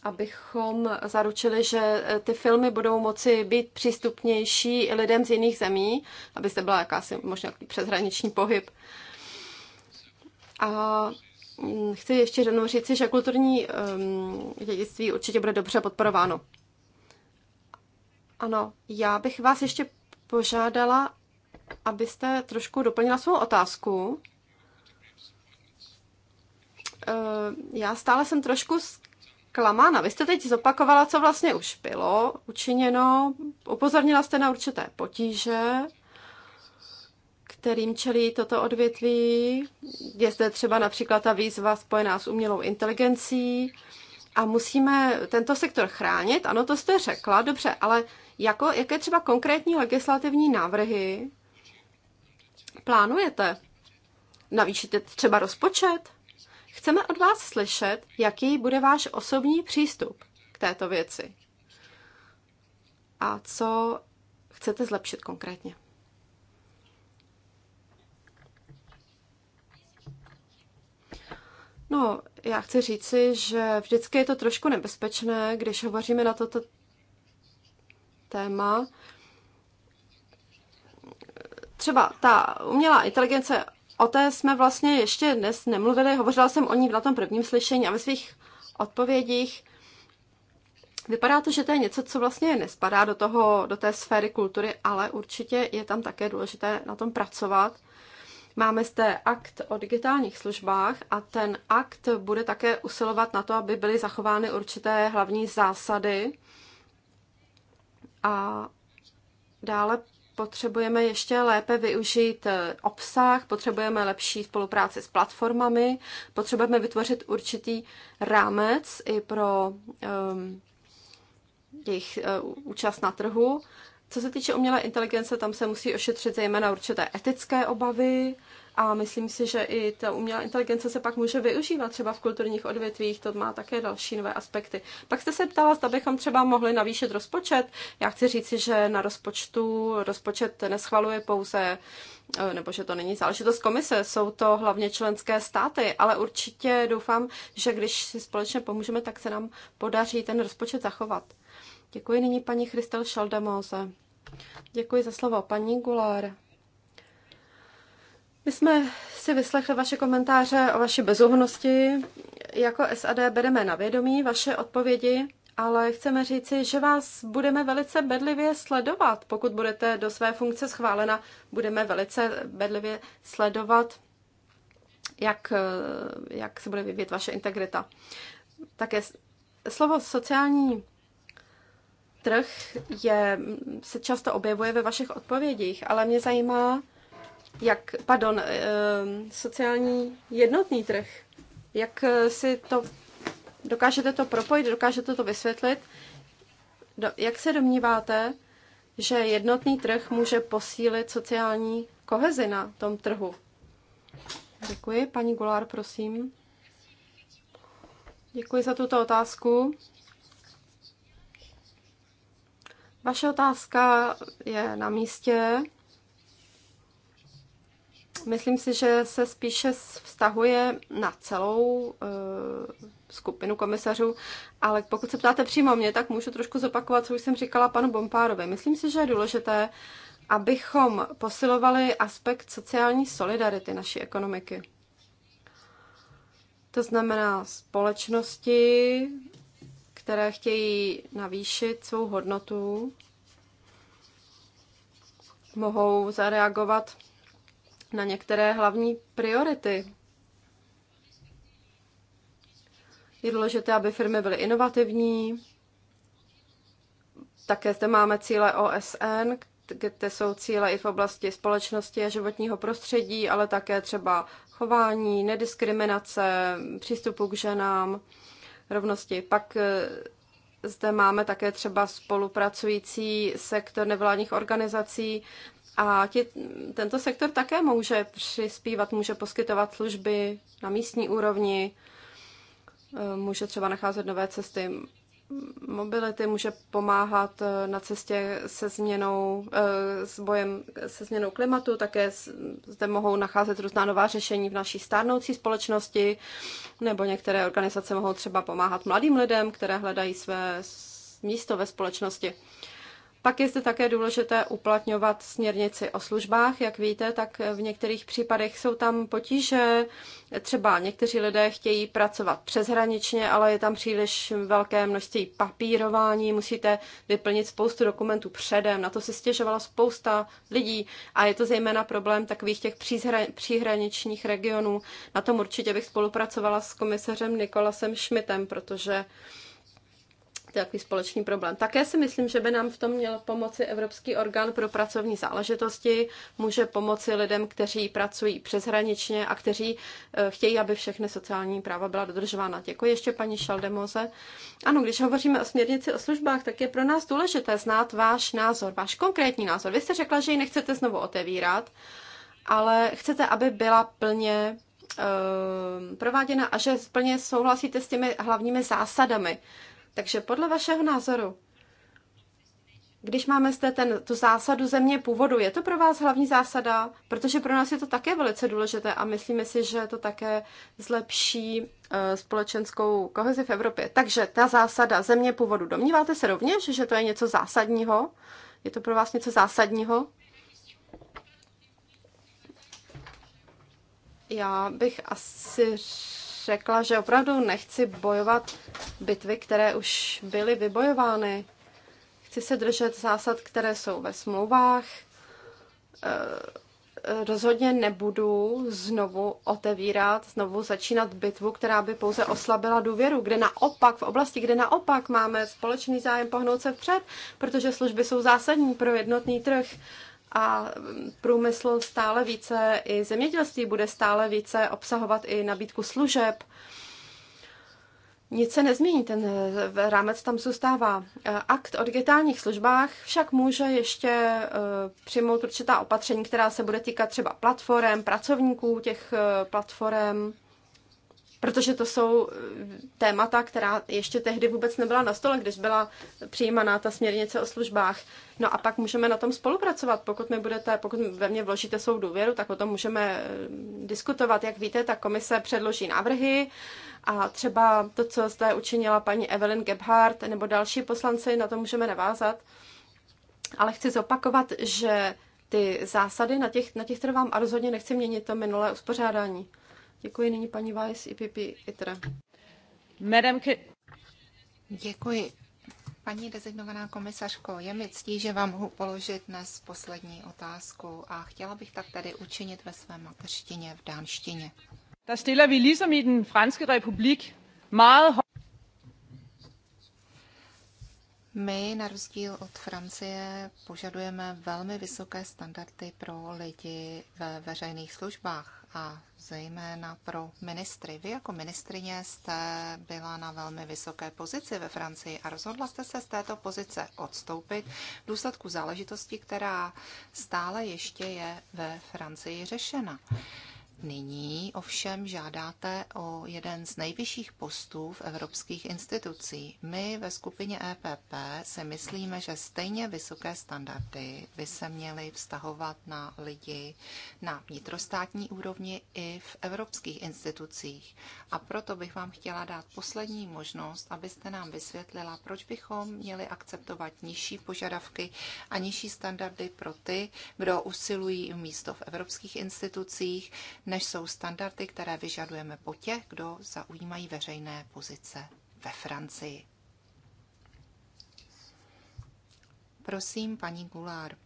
[SPEAKER 1] abychom zaručili, že eh, ty filmy budou moci být přístupnější lidem z jiných zemí, aby se byla jakási možná přeshraniční pohyb. A mm, chci ještě jednou říci, že kulturní ehm, dědictví určitě bude dobře podporováno. Ano, já bych vás ještě požádala, abyste trošku doplnila svou otázku. Eh, já stále jsem trošku zklamána. Vy jste teď zopakovala, co vlastně už bylo učiněno. Upozornila jste na určité potíže, kterým čelí toto odvětví. Je zde třeba například ta výzva spojená s umělou inteligencí a musíme tento sektor chránit. Ano, to jste řekla, dobře, ale jako, jaké třeba konkrétní legislativní návrhy plánujete? Navýšíte třeba rozpočet? Chceme od vás slyšet, jaký bude váš osobní přístup k této věci. A co chcete zlepšit konkrétně? No, já chci říci, že vždycky je to trošku nebezpečné, když hovoříme na toto téma. Třeba ta umělá inteligence, o té jsme vlastně ještě dnes nemluvili, hovořila jsem o ní na tom prvním slyšení a ve svých odpovědích. Vypadá to, že to je něco, co vlastně nespadá do, toho, do té sféry kultury, ale určitě je tam také důležité na tom pracovat. Máme zde akt o digitálních službách a ten akt bude také usilovat na to, aby byly zachovány určité hlavní zásady a dále potřebujeme ještě lépe využít eh, obsah, potřebujeme lepší spolupráci s platformami, potřebujeme vytvořit určitý rámec i pro um, jejich uh, účast na trhu. Co se týče umělé inteligence, tam se musí ošetřit zejména určité etické obavy, a myslím si, že i ta umělá inteligence se pak může využívat třeba v kulturních odvětvích, to má také další nové aspekty. Pak jste se ptala, zda bychom třeba mohli navýšit rozpočet. Já chci říci, že na rozpočtu rozpočet neschvaluje pouze eh, nebo že to není záležitost komise, jsou to hlavně členské státy, ale určitě doufám, že když si společně pomůžeme, tak se nám podaří ten rozpočet zachovat. Děkuji nyní paní Christel Šaldemose. Děkuji za slovo. Paní Gulár. My jsme si vyslechli vaše komentáře o vaší bezohnosti. Jako SAD bereme na vědomí vaše odpovědi, ale chceme říci, že vás budeme velice bedlivě sledovat. Pokud budete do své funkce schválena, budeme velice bedlivě sledovat, jak, jak se bude vyvíjet vaše integrita. Také slovo sociální trh je, se často objevuje ve vašich odpovědích, ale mě zajímá, jak, pardon, eh, sociální jednotný trh. Jak eh, si to, dokážete to propojit, dokážete to vysvětlit? Do, jak se domníváte, že jednotný trh může posílit sociální kohezi na tom trhu? Děkuji. Paní Gulár, prosím. Děkuji za tuto otázku. Vaše otázka je na místě. Myslím si, že se spíše vztahuje na celou uh, skupinu komisařů, ale pokud se ptáte přímo mě, tak můžu trošku zopakovat, co už jsem říkala panu Bompárovi. Myslím si, že je důležité, abychom posilovali aspekt sociální solidarity naší ekonomiky. To znamená společnosti, které chtějí navýšit svou hodnotu, mohou zareagovat na některé hlavní priority. Je důležité, aby firmy byly inovativní. Také zde máme cíle OSN, kde jsou cíle i v oblasti společnosti a životního prostředí, ale také třeba chování, nediskriminace, přístupu k ženám, rovnosti. Pak eh, zde máme také třeba spolupracující sektor nevládních organizací, a ti, tento sektor také může přispívat, může poskytovat služby na místní úrovni, eh, může třeba nacházet nové cesty mobility, může pomáhat eh, na cestě se změnou, eh, s bojem se změnou klimatu, také zde mohou nacházet různá nová řešení v naší stárnoucí společnosti, nebo některé organizace mohou třeba pomáhat mladým lidem, které hledají své místo ve společnosti. Pak je zde také důležité uplatňovat směrnici o službách. Jak víte, tak v některých případech jsou tam potíže. Třeba někteří lidé chtějí pracovat přeshraničně, ale je tam příliš velké množství papírování, musíte vyplnit spoustu dokumentů předem. Na to se stěžovala spousta lidí a je to zejména problém takových těch příhraničních regionů. Na tom určitě bych spolupracovala s komisařem Nikolasem Schmidtem, protože takový společný problém. Také si myslím, že by nám v tom měl pomoci Evropský orgán pro pracovní záležitosti, může pomoci lidem, kteří pracují přeshraničně a kteří eh, chtějí, aby všechny sociální práva byla dodržována. Děkuji ještě paní Šaldemoze. Ano, když hovoříme o směrnici o službách, tak je pro nás důležité znát váš názor, váš konkrétní názor. Vy jste řekla, že ji nechcete znovu otevírat, ale chcete, aby byla plně eh, prováděna a že plně souhlasíte s těmi hlavními zásadami takže podle vašeho názoru, když máme zde ten, tu zásadu země původu, je to pro vás hlavní zásada? Protože pro nás je to také velice důležité a myslíme si, že to také zlepší eh, společenskou kohezi v Evropě. Takže ta zásada země původu, domníváte se rovněž, že to je něco zásadního? Je to pro vás něco zásadního? Já bych asi řekla, že opravdu nechci bojovat bitvy, které už byly vybojovány. Chci se držet zásad, které jsou ve smlouvách. E, e, rozhodně nebudu znovu otevírat, znovu začínat bitvu, která by pouze oslabila důvěru, kde naopak, v oblasti, kde naopak máme společný zájem pohnout se vpřed, protože služby jsou zásadní pro jednotný trh a průmysl stále více, i zemědělství bude stále více obsahovat i nabídku služeb. Nic se nezmění, ten rámec tam zůstává. Akt o digitálních službách však může ještě e, přijmout určitá opatření, která se bude týkat třeba platform, pracovníků těch e, platform protože to jsou eh, témata, která ještě tehdy vůbec nebyla na stole, když byla přijímaná ta směrnice o službách. No a pak můžeme na tom spolupracovat. Pokud, mi budete, pokud ve mně vložíte svou důvěru, tak o tom můžeme eh, diskutovat. Jak víte, ta komise předloží návrhy a třeba to, co zde učinila paní Evelyn Gebhardt nebo další poslanci, na to můžeme navázat. Ale chci zopakovat, že ty zásady na těch, na těch trvám a rozhodně nechci měnit to minulé uspořádání. Děkuji nyní paní Weiss i Pipi
[SPEAKER 2] Itra. Madam K- Děkuji. Paní designovaná komisařko, je mi ctí, že vám mohu položit dnes poslední otázku a chtěla bych tak tady učinit ve své mateřštině v dánštině. Der stiller vi ligesom i den franske
[SPEAKER 3] republik meget
[SPEAKER 2] my, na rozdíl od Francie, požadujeme velmi vysoké standardy pro lidi ve veřejných službách a zejména pro ministry. Vy jako ministrině jste byla na velmi vysoké pozici ve Francii a rozhodla jste se z této pozice odstoupit v důsledku záležitosti, která stále ještě je ve Francii řešena. Nyní ovšem žádáte o jeden z nejvyšších postů v evropských institucí. My ve skupině EPP se myslíme, že stejně vysoké standardy by se měly vztahovat na lidi na vnitrostátní úrovni i v evropských institucích. A proto bych vám chtěla dát poslední možnost, abyste nám vysvětlila, proč bychom měli akceptovat nižší požadavky a nižší standardy pro ty, kdo usilují místo v evropských institucích, než jsou standardy, které vyžadujeme po těch, kdo zaujímají veřejné pozice ve Francii. Prosím, paní Gulár.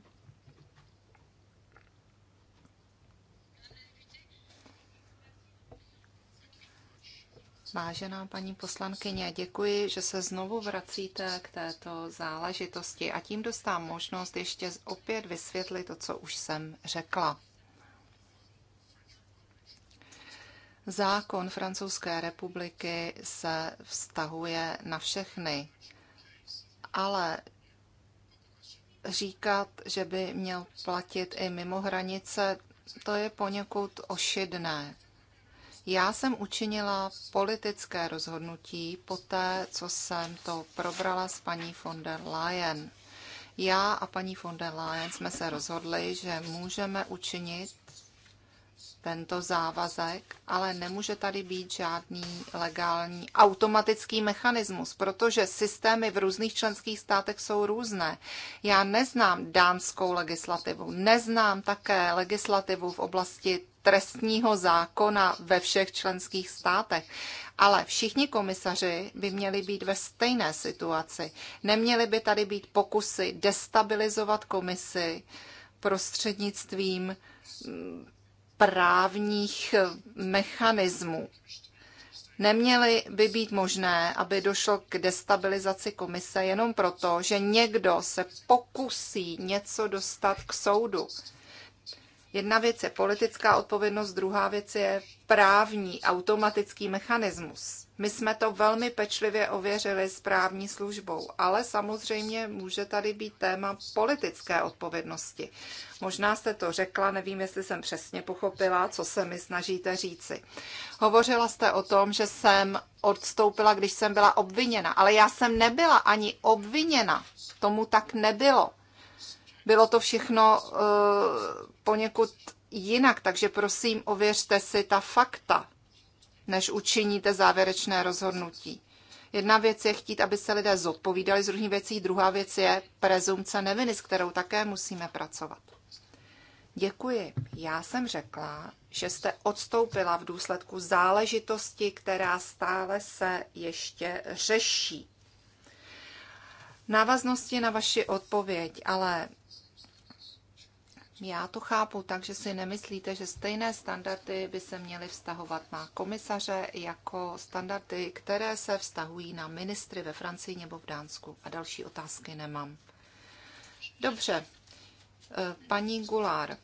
[SPEAKER 2] Vážená paní poslankyně, děkuji, že se znovu vracíte k této záležitosti a tím dostám možnost ještě opět vysvětlit to, co už jsem řekla. zákon Francouzské republiky se vztahuje na všechny, ale říkat, že by měl platit i mimo hranice, to je poněkud ošidné. Já jsem učinila politické rozhodnutí po té, co jsem to probrala s paní von der Leyen. Já a paní von der Leyen jsme se rozhodli, že můžeme učinit tento závazek, ale nemůže tady být žádný legální automatický mechanismus, protože systémy v různých členských státech jsou různé. Já neznám dánskou legislativu, neznám také legislativu v oblasti trestního zákona ve všech členských státech. Ale všichni komisaři by měli být ve stejné situaci. Neměli by tady být pokusy destabilizovat komisi prostřednictvím právních mechanismů. Neměly by být možné, aby došlo k destabilizaci komise jenom proto, že někdo se pokusí něco dostat k soudu. Jedna věc je politická odpovědnost, druhá věc je právní, automatický mechanismus. My jsme to velmi pečlivě ověřili s právní službou, ale samozřejmě může tady být téma politické odpovědnosti. Možná jste to řekla, nevím, jestli jsem přesně pochopila, co se mi snažíte říci. Hovořila jste o tom, že jsem odstoupila, když jsem byla obviněna, ale já jsem nebyla ani obviněna. Tomu tak nebylo bylo to všechno eh, poněkud jinak, takže prosím, ověřte si ta fakta, než učiníte závěrečné rozhodnutí. Jedna věc je chtít, aby se lidé zodpovídali z různých věcí, druhá věc je prezumce neviny, s kterou také musíme pracovat. Děkuji. Já jsem řekla, že jste odstoupila v důsledku záležitosti, která stále se ještě řeší. Návaznosti na vaši odpověď, ale já to chápu, takže si nemyslíte, že stejné standardy by se měly vztahovat na komisaře jako standardy, které se vztahují na ministry ve Francii nebo v Dánsku. A další otázky nemám. Dobře, e, paní Gulár,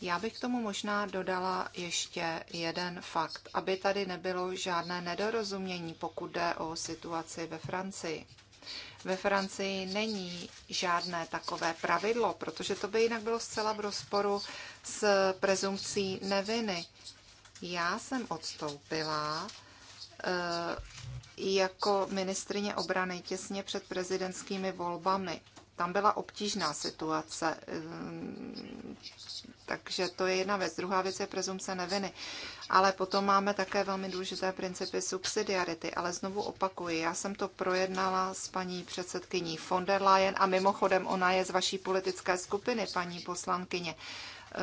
[SPEAKER 2] já bych k tomu možná dodala ještě jeden fakt, aby tady nebylo žádné nedorozumění, pokud jde o situaci ve Francii. Ve Francii není žádné takové pravidlo, protože to by jinak bylo zcela v rozporu s prezumcí neviny. Já jsem odstoupila eh, jako ministrině obrany těsně před prezidentskými volbami tam byla obtížná situace. Eh, takže to je jedna věc. Druhá věc je prezumce neviny. Ale potom máme také velmi důležité principy subsidiarity. Ale znovu opakuji, já jsem to projednala s paní předsedkyní von der Leyen a mimochodem ona je z vaší politické skupiny, paní poslankyně. Eh,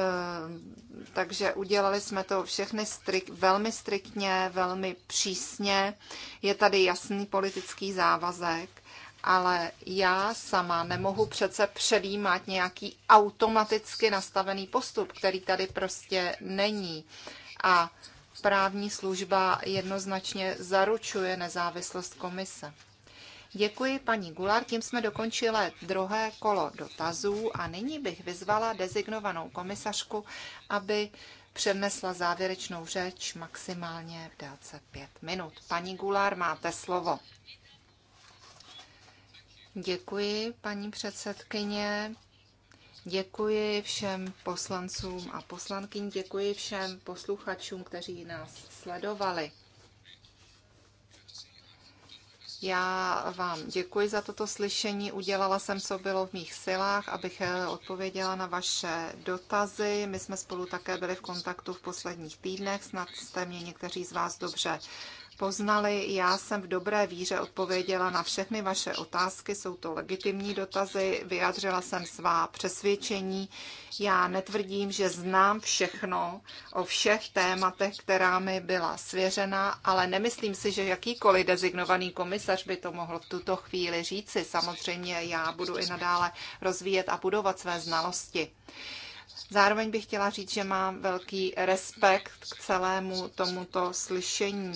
[SPEAKER 2] takže udělali jsme to všechny strik, velmi striktně, velmi přísně. Je tady jasný politický závazek ale já sama nemohu přece předjímat nějaký automaticky nastavený postup, který tady prostě není. A právní služba jednoznačně zaručuje nezávislost komise. Děkuji paní Gular, tím jsme dokončili druhé kolo dotazů a nyní bych vyzvala dezignovanou komisařku, aby přednesla závěrečnou řeč maximálně v délce pět minut. Paní Gular, máte slovo. Děkuji, paní předsedkyně. Děkuji všem poslancům a poslankyň, děkuji všem posluchačům, kteří nás sledovali. Já vám děkuji za toto slyšení. Udělala jsem, co bylo v mých silách, abych odpověděla na vaše dotazy. My jsme spolu také byli v kontaktu v posledních týdnech, snad jste mě někteří z vás dobře poznali. Já jsem v dobré víře odpověděla na všechny vaše otázky, jsou to legitimní dotazy, vyjádřila jsem svá přesvědčení. Já netvrdím, že znám všechno o všech tématech, která mi byla svěřena, ale nemyslím si, že jakýkoliv dezignovaný komisař by to mohl v tuto chvíli říci. Samozřejmě já budu i nadále rozvíjet a budovat své znalosti. Zároveň bych chtěla říct, že mám velký respekt k celému tomuto slyšení.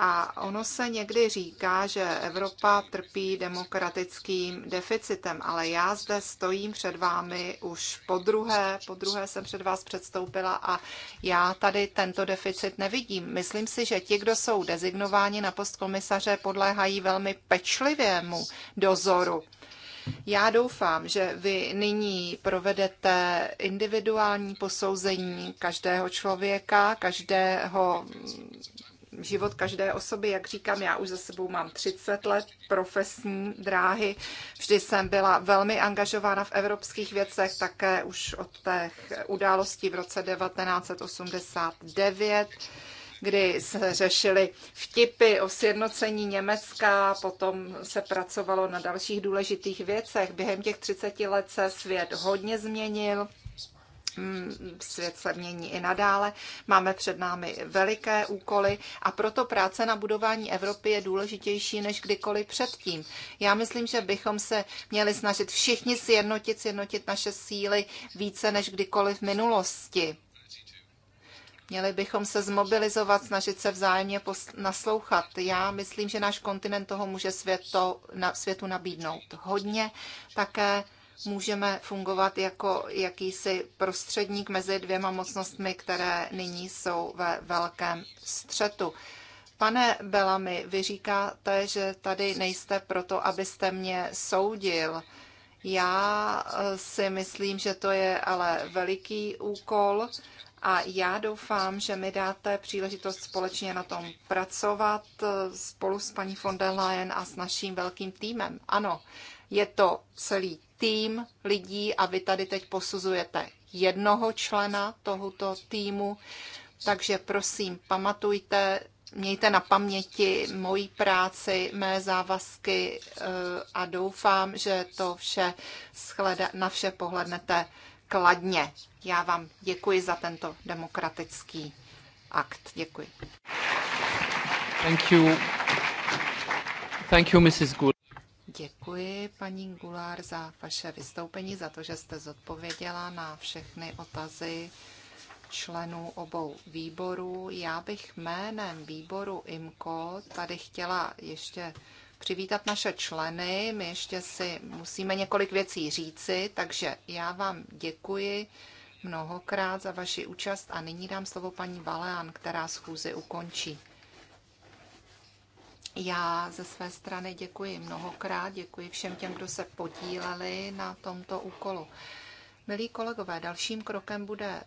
[SPEAKER 2] A ono se někdy říká, že Evropa trpí demokratickým deficitem, ale já zde stojím před vámi už po druhé, po druhé jsem před vás předstoupila a já tady tento deficit nevidím. Myslím si, že ti, kdo jsou dezignováni na postkomisaře, podléhají velmi pečlivému dozoru. Já doufám, že vy nyní provedete individuální posouzení každého člověka, každého mm, život každé osoby, jak říkám, já už za sebou mám 30 let profesní dráhy, vždy jsem byla velmi angažována v evropských věcech, také už od těch událostí v roce 1989 kdy se řešily vtipy o sjednocení Německa, potom se pracovalo na dalších důležitých věcech. Během těch 30 let se svět hodně změnil mm, svět se mění i nadále. Máme před námi veliké úkoly a proto práce na budování Evropy je důležitější než kdykoliv předtím. Já myslím, že bychom se měli snažit všichni sjednotit, sjednotit naše síly více než kdykoliv v minulosti. Měli bychom se zmobilizovat, snažit se vzájemně naslouchat. Já myslím, že náš kontinent toho může světo, na, světu nabídnout hodně. Také můžeme fungovat jako jakýsi prostředník mezi dvěma mocnostmi, které nyní jsou ve velkém střetu. Pane Belami, vy říkáte, že tady nejste proto, abyste mě soudil. Já eh, si myslím, že to je ale veliký úkol a já doufám, že mi dáte příležitost společně na tom pracovat eh, spolu s paní von der Leyen a s naším velkým týmem. Ano, je to celý tým lidí a vy tady teď posuzujete jednoho člena tohoto týmu, takže prosím, pamatujte, mějte na paměti moji práci, mé závazky eh, a doufám, že to vše na vše pohlednete kladně. Já vám děkuji za tento demokratický akt. Děkuji. Thank you. Thank you, Mrs. Gould. Děkuji, paní Gulár, za vaše vystoupení, za to, že jste zodpověděla na všechny otazy členů obou výborů. Já bych jménem výboru IMCO tady chtěla ještě přivítat naše členy. My ještě si musíme několik věcí říci, takže já vám děkuji mnohokrát za vaši účast a nyní dám slovo paní Baleán, která schůzi ukončí. Já ze své strany děkuji mnohokrát, děkuji všem těm, kdo se podíleli na tomto úkolu. Milí kolegové, dalším krokem bude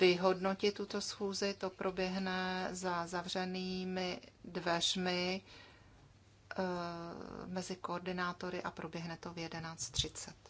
[SPEAKER 2] vyhodnotit tuto schůzi. To proběhne za zavřenými dveřmi Eh, mezi koordinátory a proběhne to v
[SPEAKER 3] 11.30.